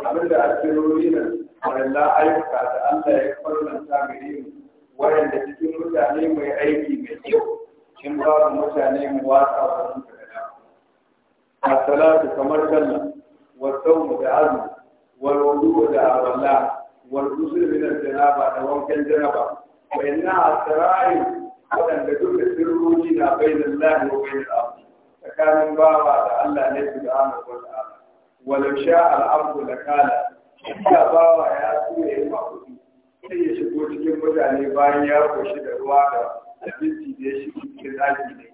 abin da ake roƙi nan da Allah ya kwallon samiri mu wadanda cikin mutane mai aiki mai kyau cikin babu mutane mu wasa wa sun ka gada a salatu kamar sallah wa sauwa da azu wa rodu da awalla wa rusul min al-janaba da wankan janaba wa inna al-sara'i waɗanda duka sirruci na bainan lahi wa da abu tsakanin bawa da Allah ne su da amur wa ta'ala walau sha al'abdu da kala ya bawa ya so ya yi makuɗi sai ya shigo cikin mutane bayan ya koshi da ruwa da abinci da ya shigo cikin ɗaki ne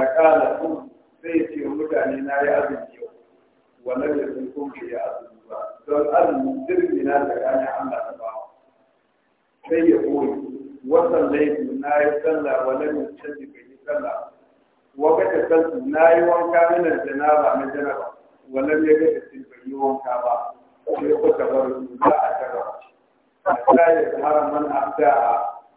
da kala sun sai ya ce mutane na yi abinci yau walau da sun kuma ya azumi ba don azumi sirri na tsakanin Allah da bawa sai ya koyi wasallai na yi sallah wala min canji bai yi sallah wa gata sallu na yi wanka min janaba na janaba wala ya gata sun bai yi wanka ba sai ku tabar za a tara hatta ya da man abda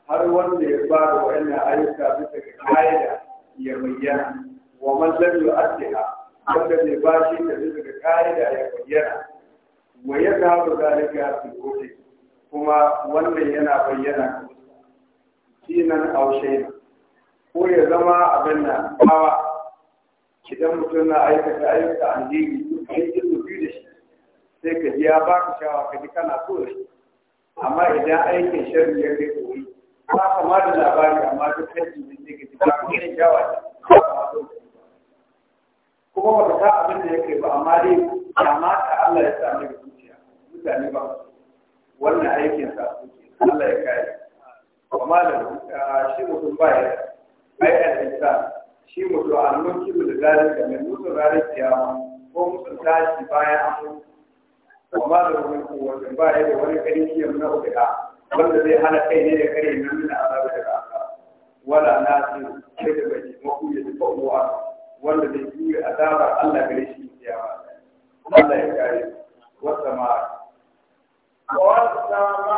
har wanda ya fara wannan ayyuka bisa ga kaida ya bayyana wa man lam yu'addiha wanda bai bashi ta bisa ga kaida ya bayyana wa ya zaɓi zalika fi kuma wannan yana bayyana ga dinan aushe ko ya zama abin da bawa idan mutum na aikata ayyuka an jiri sai ka biyu da shi sai ka ji ya ka shawa ka ji kana so da shi amma idan aikin sharri ya kai koyi ba ma da labari amma duk kaji ne sai ka ji ba ka yi shawa ne kuma ba ka abin da ya kai ba amma dai kamata Allah ya sa mai zuciya mutane ba wannan aikin sa Allah ya kare amma da shi mutum ba ya ai al'insa shi mutum al'ulki da zalika mai mutum ranar yawa, ko mutum tashi bayan an mutu amma da wani kowace ba ya da wani ƙarfi na ubi'a wanda zai hana kai ne da kare na nuna azabar daga aka wala na ce sai da bai maku ya tafi fa'uwa, wanda zai juya azabar Allah gare shi yawa. Allah ya kare wasa ma wasa ma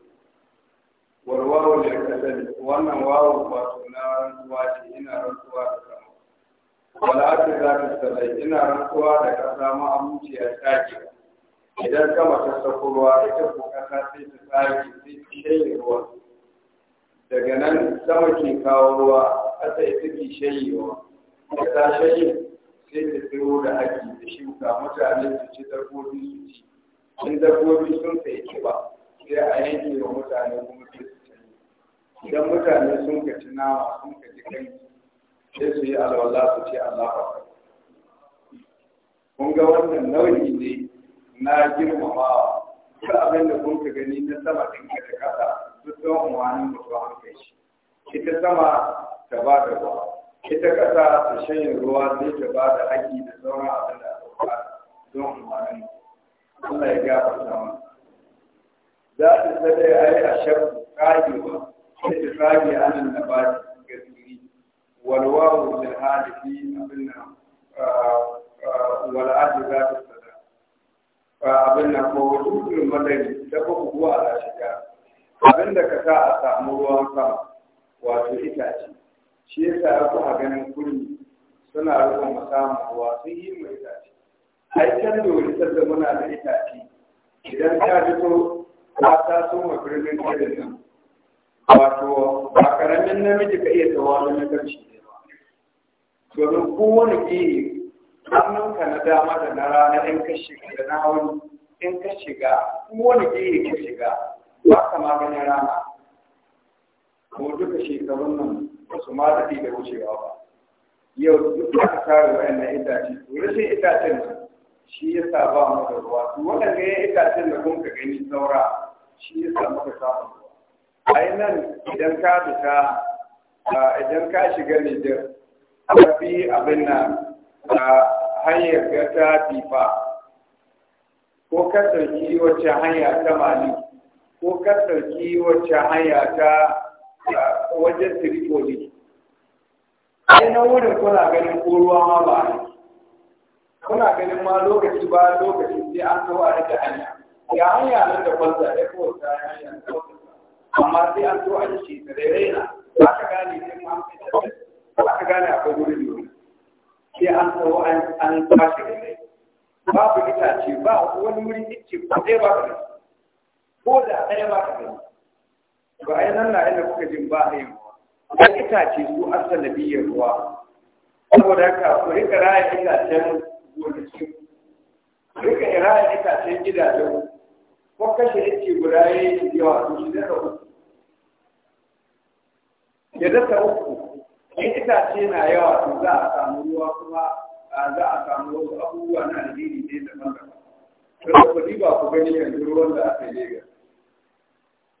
warwawo da kasali wannan wawo wato na rantsuwa ce ina rantsuwa da sama wala'atu za ta salai ina rantsuwa da kasa ma abuciya tsaki idan kama ta sako ruwa ita ko kasa sai ta tsaki sai ta shayi ruwa daga nan sama ke kawo ruwa ƙasa ita ke shayi ruwa da ta shayi sai ta tsiro da aki da shuka mutane su ci dabbobi su ci in dabbobi sun sai kiba sai a yanke wa mutane kuma sai idan mutane sun kaci nama sun kaci kai sai su yi alwala su ce Allah ba kun ga wannan nauyi ne na girmama ta abin da kun ka gani na sama din ka da kasa duk don wani mutu an kai shi ita sama ta ba da ruwa ita kasa ta shanye ruwa sai ta ba da haƙi da sauran abin da aka ba don wani Allah ya gafarta mana za su sadai a yi a shakku ƙagewa ittifaqi an nabati gasiri wal wawu lil hadithi abinna wal ajza sada abinna ko wudul madani da ko kuwa ala shiga abinda ka sa a samu ruwan sama wato itace shi yasa ku a ganin kurmi suna itace ai muna da itace idan ta fito ta taso ma birnin kirin nan wato ba karamin namiji ka iya zama na karshe ne ba domin kowane hannun ka na dama da na rana in ka shiga da na wani in ka shiga kowane gehe ka shiga ba ka maganin rana ko duka shekarun nan ba su ma da wucewa ba yau duk aka kare wa'annan itace to rashin itacen nan shi ya sa ba mu da ruwa to waɗanda ya itacen da kun ka gani saura shi ya sa muka samu ai nan idan ka fita idan ka shiga Nijar ka bi abin nan hanyar ga ta fa. ko ka ɗauki wacce hanya ta Mali ko ka ɗauki wacce hanya ta wajen Tripoli ai na wurin kuna ganin ko ruwa ma ba ne kuna ganin ma lokaci ba lokaci sai an kawo a rage hanya ya hanya nan da kwanta ya kawo ta hanya amma sai an zo an shi tsirrai na za ka gane sai ma sai da Ba ka gane akwai wurin yau sai an tsawo an tashi da rai babu itace ba wani wurin ice ko ɗaya ba ka gani ko da ɗaya ba ka gani ba a yi nan na inda kuka jin ba a yi ba itace su an sanadiyyar ruwa saboda haka ku rika raya itacen gonakin ku rika raya itacen gidajen ku. ko kashe yake guda ya yi yawa to shi da uku ya daga uku in itace na yawa su za a samu ruwa kuma za a samu wasu abubuwa na alheri ne daban daban to da kuɗi ba ku gani yanzu ruwan da aka yi ga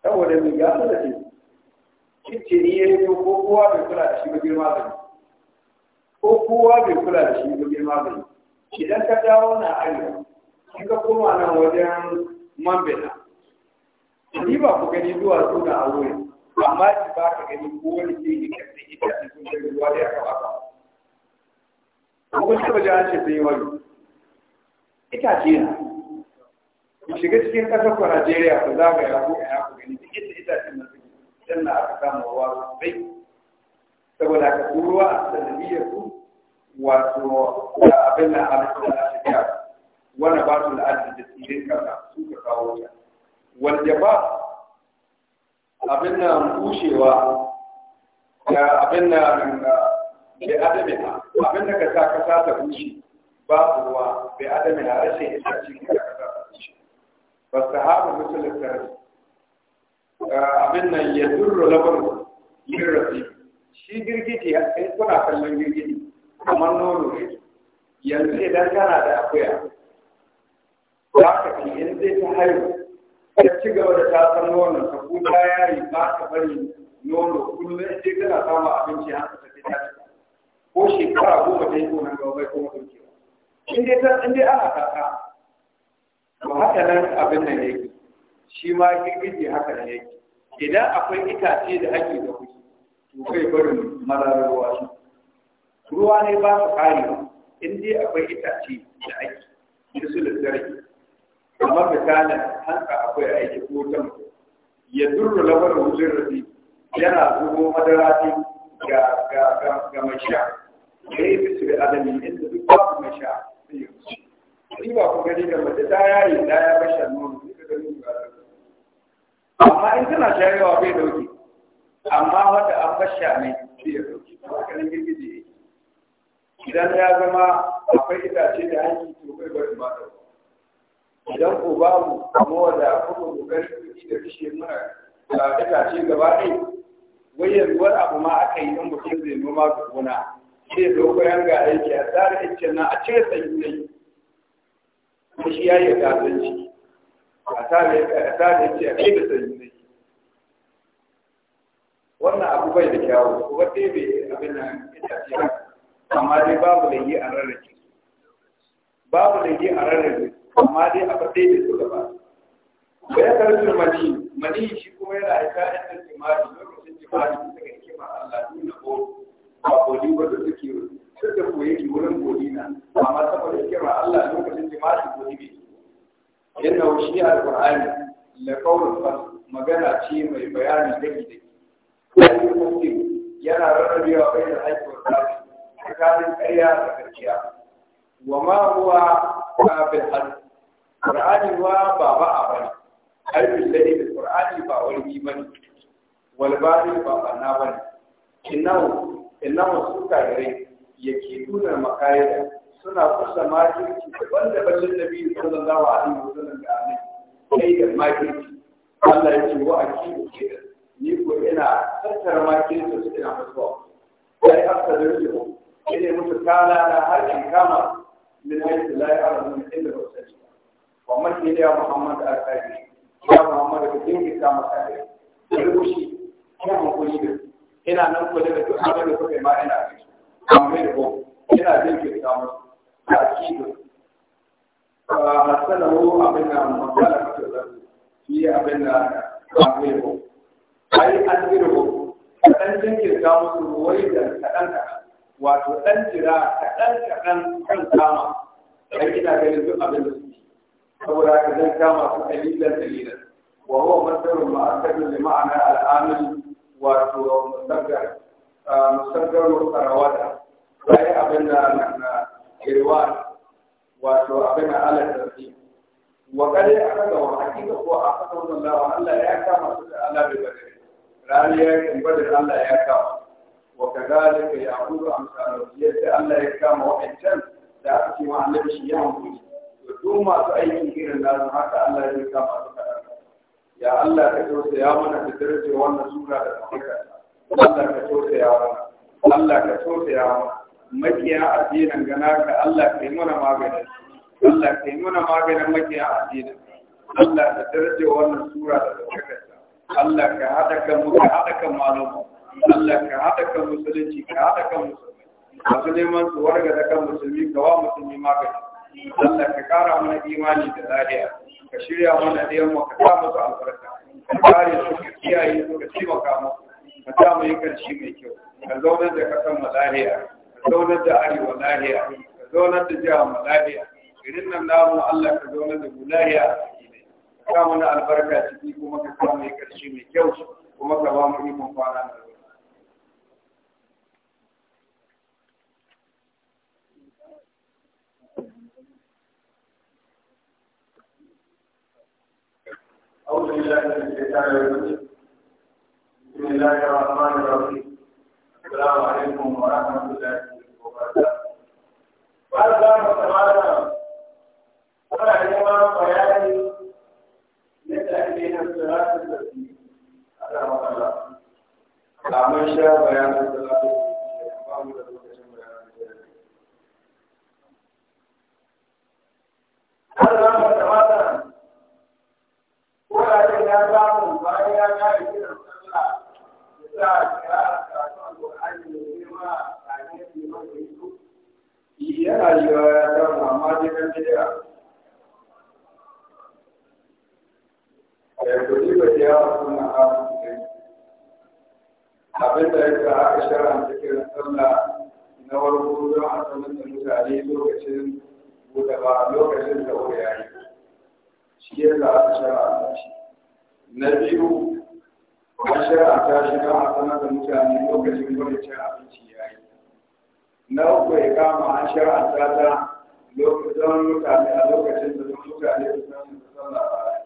saboda mai gasa da shi kicce ni ya yi ko kowa bai kula da shi ba girma da ni ko kowa bai kula da shi ba girma da ni idan ka dawo na arewa in ka koma nan wajen man bela ni ba ku gani zuwa su na aure amma shi ba ka gani ko wani ke yi ka sai ita a cikin gari ruwa da ya kaba ka ko shi ba ja ce sai wani ita ce na ku shiga cikin ƙasar ku Najeriya ku zagaya ko ina ku gani duk inda ita ce na suke dan na aka samu ruwa sai. saboda ka ruwa a sanadiyar ku wato abin da a cikin wani ba su la'adi da tsirin kasa su ka kawo ta wanda ba abin na bushewa da abin na bai adami na abin da ka sa kasa ta kushe, ba su ruwa bai adami na rashin isashen ka kasa ta kushe. ba su haɓa musulun tarihi abin nan ya durro labar yin rafi shi girgiti ya kuna kallon girgiti kamar nono ne yanzu idan kana da akuya za ka fi in zai ta haihu ta ci gaba da tasar nonon ta kuta yayi ba ka bari nono kullum sai kana samu abinci har ta fi ta ci ko shekara goma ta yi ko nan gaba bai kuma daukewa in dai ta in dai ana kaka to haka nan abin nan yake shi ma girgije haka nan yake idan akwai itace da ake da kuɗi to kai barin mararin ruwa shi ruwa ne ba su ƙarewa in dai akwai itace da ake da su kamar misalin hanka akwai aiki ko tan ya durru labar wujin rabi yana zuwa madarati ga ga ga mai sha ya yi bisu alami, adami inda duk babu masha sha sai ya wuce ni ba ku gani da mace ta yayi da ya basha nono duk da gani ba amma in tana shayarwa bai dauki. amma wata an basha ne sai ya dauke haka nan girgije idan ya zama akwai itace da hanki to bai bari ma ba. idan ko babu kuma wanda kuma kokari kuɗi da kashe muna da ce gaba ɗaya wayar ruwan abu ma aka yi don mutum zai noma ga gona sai ya 'yan ga aiki a tsara iccen na a cire sanyi ne Kuma shi ya yi gazanci a tsara ice a cire sanyi ne wannan abu bai da kyawu ko sai bai abin nan itace amma dai babu da yi a rarrake babu da yi a rarrake amma dai a faɗe da su gaba ba ya karfi mani mani shi kuma yana aika da ɗan jimari lokacin jimari ta ga hikima Allah ni na ko ba godi ba da suke duk da koyi ki wurin godi na amma saboda hikima Allah lokacin jimari godi bai yana a alqur'ani la qawl fa magana ce mai bayani dake dake ko kuma yana rarrabewa bayan aikin da tsakanin ƙarya da gaskiya wa ma huwa bil hadd qur'ani wa ba ba a bane aibin ladi da qur'ani ba wani bane wal bani ba bana bane innahu innahu suka gare yake tunar makayida suna kusa makirci daban da bacin nabi sallallahu alaihi wasallam da annabi kai da makirci Allah ya ce wa akibu ke ni ko ina tattara makirci su ina mutuwa sai aka zarge mu ina mutu kala na har in kama min haythu la ya'lamu illa wa sallam ومن يدعى محمد أركادي يا محمد بدين كتاب أركادي كلوشي يا مقولي هنا أن نقول لك أنا بقول ما أنا أعمله هنا دين كتاب أكيد فأرسله أبنا مبارك في أبنا أعمله أي أنزله kaɗan jinkirta musu wai da kaɗan kaɗan wato ɗan jira kaɗan kaɗan kan kama da ina ganin duk abin da su فبلاكذا كما تقول إلا دليلا وهو مصدر مؤكد لمعنى العامل ومصدر مصدر القروات فهي أبنى نحن كروان وأبنى على الترتيب وقد أخذ وحكيد هو أخذ من الله وأن لا يأتى مصدر على ببدر رأي أن بدر أن لا يأتى وكذلك يقول أمسان رسية أن لا يأتى موحد جن لأكتما أن لبشيان بوجه duk masu aiki irin nasu haka Allah ya kama su kaɗan ya Allah ka ya mana da darajar wannan sura da kamar Allah ka tausaya mana Allah ka tausaya mana makiya addinin gana ka Allah ka yi mana maganin Allah ka yi mana maganin makiya addinin Allah ka darajar wannan sura da kamar Allah ka haɗa kan mu ka haɗa kan malamu Allah ka haɗa kan musulunci ka haɗa kan musulmi masu neman su warga da kan musulmi ka wa musulmi magani Allah ka kara mana imani da lariya. ka shirya mana da yamma ka sa musu albarka ka kare su ka kiyaye su ka taimaka musu ka sa mu yi karshe mai kyau ka zaunar da kasan mu lahiya ka zaunar da arewa lariya. ka zaunar da jiha mu lahiya irin nan namu Allah ka zaunar da mu lahiya a ciki ne ka sa mana albarka ciki kuma ka sa mu yi karshe mai kyau kuma ka ba mu ikon kwana na da أعوذ بالله من الشيطان الرجيم بسم الله الرحمن الرحيم السلام عليكم ورحمة الله وبركاته قال الله تعالى ولا يوم بيان يدعي بين الصراط المستقيم هذا ما قال الله نعم، شاء بيان الصراط المستقيم هذا yana yiwa ya samu amma dai kan bid'a da kudi ba ya suna abu abin da ya sa aka shara ta kiran sallah na warko don a da mutane lokacin buɗe ba lokacin da wuri ya yi shi ya sa aka shara ta shi na biyu an shara ta shi don a sanar da mutane lokacin wani ce abinci na uku ya kama an shara'anta ta lokacin mutane a lokacin da sun mutane da sun su sallah ba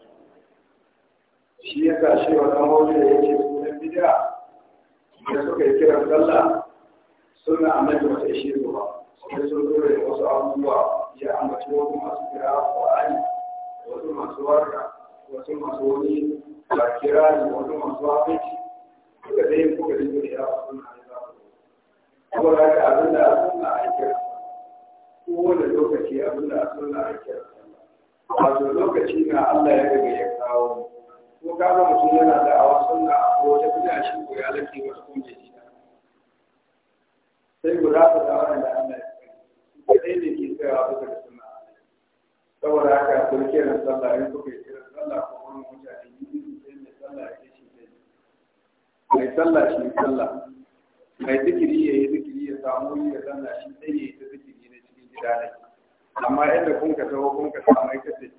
shi ya sa shi wannan hoto ya ce sunan bid'a da suka yi kiran sallah suna annabi wata shi ba sai sun dore wasu abubuwa ya ambaci wasu masu kira ƙwa'ani wasu masu warka wasu masu wani ba kira wasu masu hafi suka dai kuka yi kira suna saboda haka abin da a sunna a kira kowane lokaci abin da a a kira wato lokaci na Allah ya riga ya kawo ko kama mutum yana da awa sunna ko wata bid'a shi ko ya lafi wasu kunje shi sai guda ku da da Allah ya kai ne ke tsaya duka da sunna saboda haka kun kira sallah in kuka kira sallah ko wani mutane ne sai mai sallah ya ke shi sai mai sallah shi sallah mai zikiri ya yi zikiri ya samu yi ya zanna shi sai ya yi ta zikiri na cikin gida ne amma yadda kun ka taho kun ka samu mai kace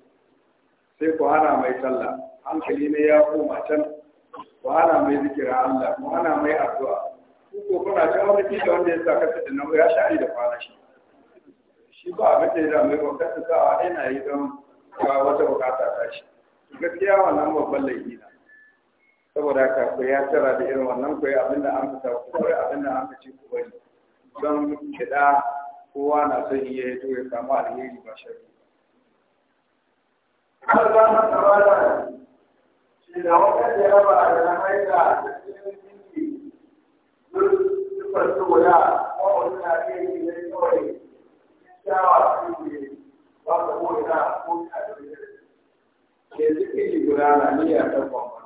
sai ku hana mai sallah hankali ne ya koma can ku hana mai zikira Allah ku hana mai addu'a ku ko kuna can wani kila wanda ya sa kasa da nauyi ya shari da kwana shi shi ba abin da ya da mai bakar sa a yana yi don wata bukata ta shi gaskiya wannan babban laifi na saboda haka ku ya tara da irin wannan ku abin da an fita ku bari abin da an fice ku bari don kiɗa kowa na son iya yi to ya samu alheri ba shari. Har ba mu tsara da shi da wata da a da haika da cikin jiki duk sufar tsoya ko wani na iya yi ne kawai shawa su ne ba su ko ina ko ta da ke zikiri gudana ni ta tabbawa.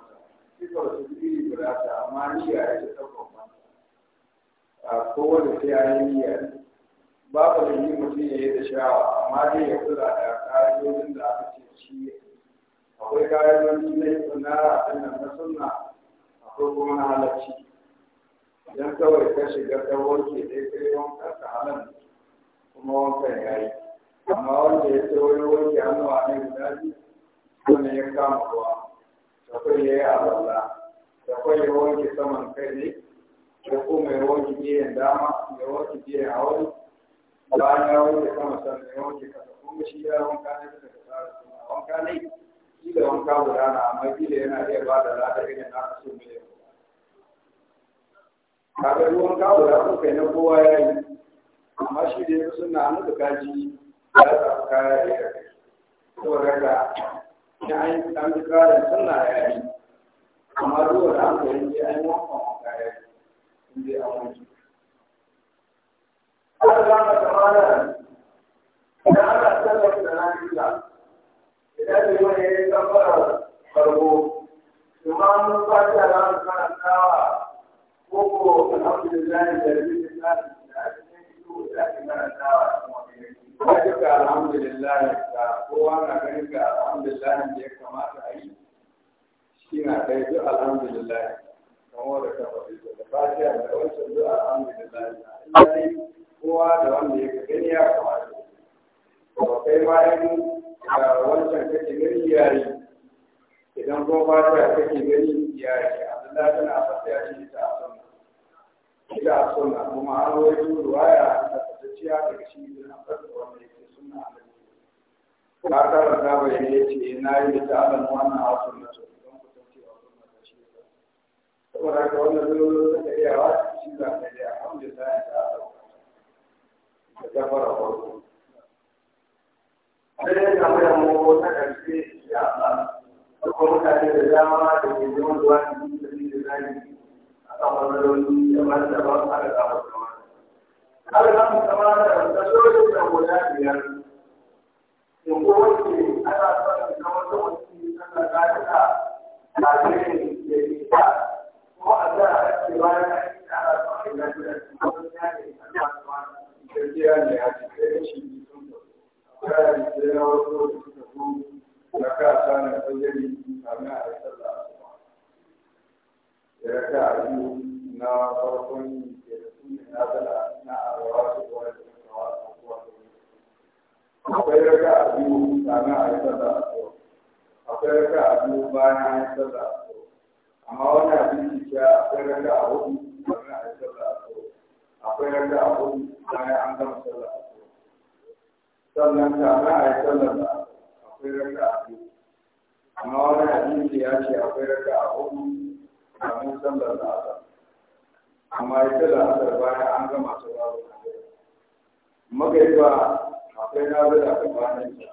sifar su iri guda ta amma niyya ita ya yi da ya yi da sha'awa amma kula da da aka ce shi akwai na na akwai kuma na halarci idan kawai ka shiga ta wanke dai wanka kuma ya yi amma wanda wanke ya kama ruwa da kwai ya yi alwala da kwai ya wanke saman kai ne ko kuma ya wanke biyan dama ya wanke biyan hawan bayan ya wanke sama sannan ya wanke kasa kuma shi ya wanka ne da ka tsara suna wanka ne shi da wanka guda gudana amma kila yana iya ba da lada irin na kaso miliyan kaga ruwan kawo da aka kai na kowa ya yi amma shi da ya suna nuka kaji ya tafi kaya da ya kai saboda in an yi an ji suna ya amma duk da an yi an yi wankan wanka ya in dai an wanke. Har za ka kamar idan ana sallar da na kila idan ne wani ya yi kafara farko kuma mun fata za mu karantawa ko ko alhamdulillah da bi da na da ake yi da ake karantawa a cikin wani ka duka alhamdulillah ga kowa na ganin ga alhamdulillah da ya kamata a yi shi na kai duk alhamdulillah kamar da ka faɗi da fatiha da wancan duk alhamdulillah na in kowa da wanda ya gani ya kamata ba kai bayan ga wancan kake gani ya yi idan ko fatiha kake gani ya yi abdullahi tana fatiha shi ta sunna ita sunna kuma an wajen ruwaya ta zuciya daga shi ne na farko wanda yake suna ya ce na yi da ta'alan wannan hasun na to don ku san cewa sun mata shi ya saboda haka wannan zuwa da iya wa shi za ta iya alhamdulillah ya ta da gafara farko sai dai kamar yamma ko ta karshe a ba ko mutane da dama da ke zama da wani da da zai a kan wani da da wani ta ba a da har za kama da kasoshin da guda biyar da kowace ana son ta wata wasu ana zalika labirin da ke ta kuma a za a ake bayan a yi ana son a yi labirin da kuma ya ne a kasuwa jirgiya ne a cikin rashin sun da kayan ya wasu da suka zo da ka sa na bayyani kame a yi sallah ya ka yi na farkon kamin a yi sallah akwai raka a biyu bayan a yi sallah amma wani abin cewa akwai raka a hudu kamin a yi sallah akwai raka a hudu bayan an gama sallah sannan kamin a yi sallah akwai raka a amma wani abin ya ce akwai raka a hudu kamin sallar da asar amma ita da asar bayan an gama sallah magaiba akwai na nazira gabanin sa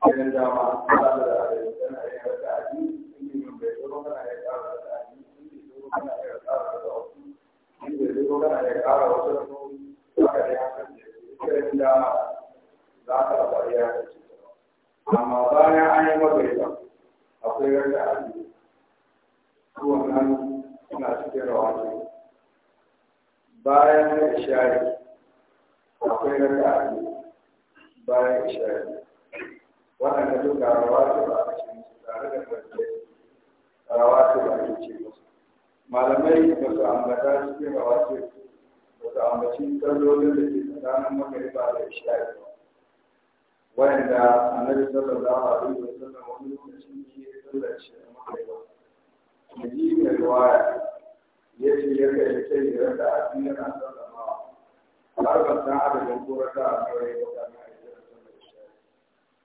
ganin dama ba da da yana a biyu in yi da bayan an akwai raka a bayan ishari waɗanda duk ga rawa ba a ce musu tare da farce rawa ba a ce musu malamai ba su ambata su rawa ce ba su ambaci kallolin da ke tsakanin magariba da isha'i ba wayanda annabi sallallahu alaihi wa sallam wani lokacin ke sallace a magariba ji mai ruwaya ya ce ya kai ya kai ya rada a cikin yana sallama har ban san adadin ko a kawai ba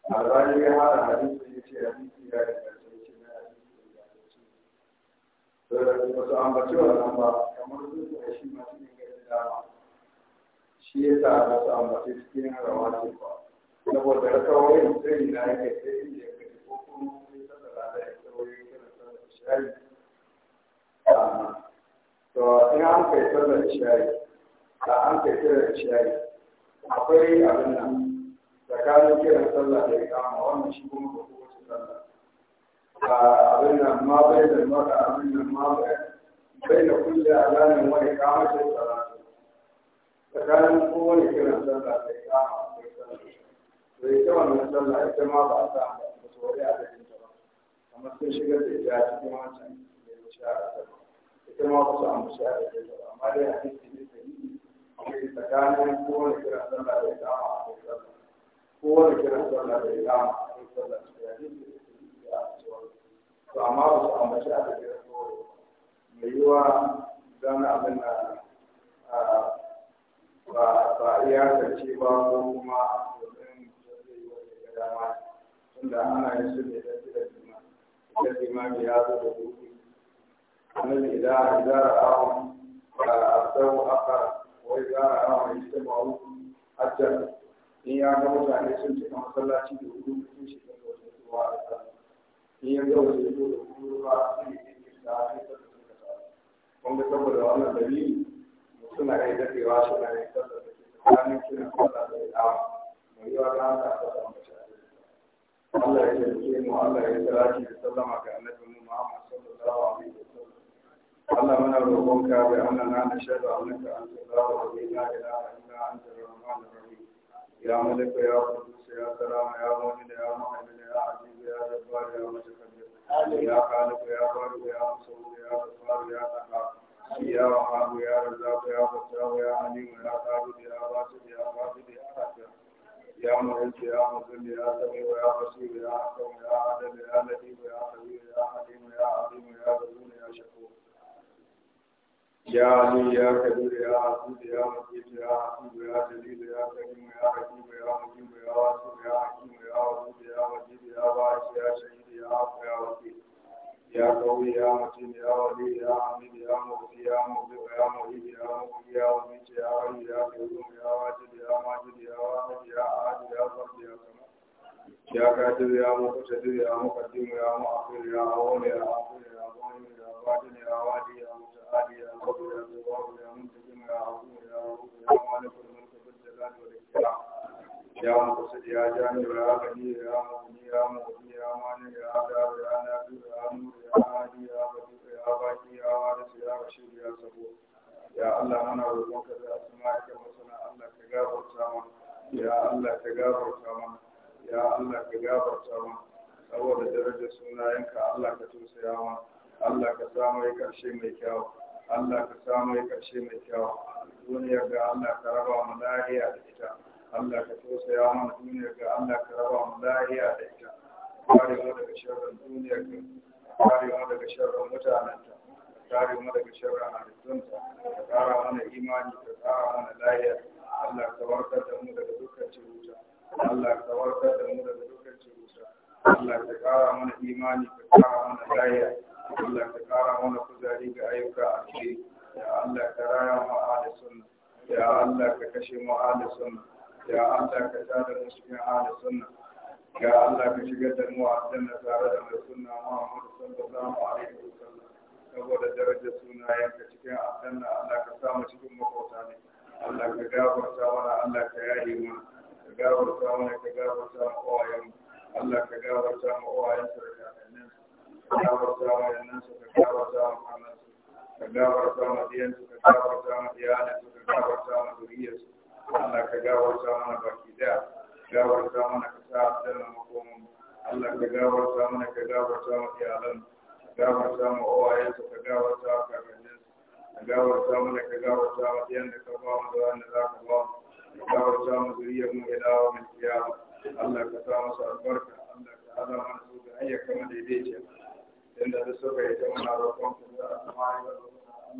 albani ya hada hadisi ya ce hadisi ya ya ce na hadisi ya inganta kamar shi shi rawa ce ba saboda ya kawo yin tsiri na ya ko kuma ya akwai abin nan tsakanin kiran sallah da ikama wannan shi kuma ba kowace sallah abin nan ma bai da maka abin nan ma bai bai da kulle alamin wa ikama ce salatu tsakanin kowane kiran sallah da ikama akwai sallah to ita wannan sallah ita ma ba a sa ba ba su wani adadin ta ba amma sun shigar da ita cikin wancan da ya wuce a ta ba ita ma ba su amsa da ita ba amma dai a cikin ita ne tsakanin kowane kiran sallah da ikama akwai sallah kowane kiran sallah da ikama a cikin su ya ji su su a cewa to amma ba su ambaci a da kiran sallah mai yiwa don abin da ba a iyakance ba ko kuma domin zai yi wata dama tunda ana yin su ne da su da juna da ya zo da hudu annabi idan idan ra'ahum ba a sau akara wai za a ra'ahum ya hajjar in ya ga mutane sun cika masallaci da hudu sun shiga da wajen zuwa a kan in ya ga wajen zuwa da hudu ba sun yi cikin da ake tattata suka samu kun ga saboda wannan dalili suna yi dadewa suna yi tattata tsakanin kiran sallah da ilama mai yawa ta hanta a kasa mutane Allah ya taimake mu Allah ya salati da sallama ga annabi mu Muhammad sallallahu alaihi wasallam Allah muna roƙonka bai annana na shaɗa annaka an tsara wa bai la ilaha illa anta rahmanur rahim يا ملك يا قدوس يا سلام يا مؤمن يا مؤمن يا عزيز يا جبار يا متكبر يا خالق يا بارئ يا مصور يا غفار يا قهار يا وهاب يا رزاق يا فتاح يا عليم يا قابض يا باسط يا قابض يا حاكم يا معز يا مذل يا سميع يا بصير يا حكم يا عدل يا لطيف يا قوي يا حليم يا عظيم يا غفور يا شكور يا علي يا كبير يا عزيز يا مجيد يا حكيم يا جليل يا كريم يا حكيم يا مجيب يا واسع يا حكيم يا ودود يا مجيد يا باعث يا شهيد يا عفو يا وكيل يا قوي يا متين يا ولي يا حميد يا مغني يا مغلق يا مهيب يا مغني يا وميت يا حي يا قيوم يا واجد يا ماجد يا واحد يا عادل يا فرد يا صمد ya kaji ya muku tafi ya muka jimu ya mu afirin ya hawa ne ya afirin ya hawa ne ya wata ya wata ya mutu ya mutu ya zuwa ya mutu ya hawa ya hawa ne ya hawa da zaɗi wa kira ya muku ya ja ya haka ya muku ya muku ya ma ya haka ya ya na ya mutu ya adi ya baki ya baki ya wata ya bashi ya sabo ya Allah muna roƙonka da asma'ika masana Allah ka gafarta mana ya Allah ka gafarta mana ya Allah ka gafarta mu saboda darajar sunayenka Allah ka tausaya mu Allah ka samu karshe mai kyau Allah ka samu karshe mai kyau duniyar ga Allah ka raba mu lahiya da ita Allah ka tausaya mu duniyar ga Allah ka raba mu lahiya da ita kare mu daga sharrin duniyar ka kare mu daga sharrin mutanenta kare mu daga sharrin ta ka kara mana imani ka kara mana lahiya Allah ka warkar da mu daga dukkan cuta Allah ka warkar da mu daga dukkan cuta Allah ka kara mana imani ka kara mana lafiya Allah ka kara mana kuzari ga ayyuka a cikin ya Allah ka raya mu ahli sunna ya Allah ka kashe mu ahli sunna ya Allah ka tada mu cikin ahli sunna ya Allah ka shigar da mu aljanna tare da mai sunna Muhammad sallallahu alaihi wasallam saboda darajar sunayenka cikin aljanna Allah ka sa mu cikin makota ne Allah ka gafarta mana Allah ka yaye mana gafarta mana ka gafarta mu uwayen Allah ka gafarta mu uwayen su da kakannin ka gafarta mu yannan su ka gafarta mu kanan su ka gafarta mu diyan su ka gafarta mu iyalin su ka gafarta mu zuriyar su Allah ka gafarta mana baki da gafarta mana ka sa aljanna makomin Allah ka gafarta mana ka gafarta mu iyalan gafarta mu uwayen su ka gafarta mu kakannin ka gafarta mana ka gafarta mu diyan da ka ba mu da wanda za ka ba mu ya wata mu zuriyar mu ila wa mai kiyama Allah ka sa musu albarka Allah ka hada mana su ga ayyuka daidai ce inda da suka yi ta muna roƙon ku da asma'i da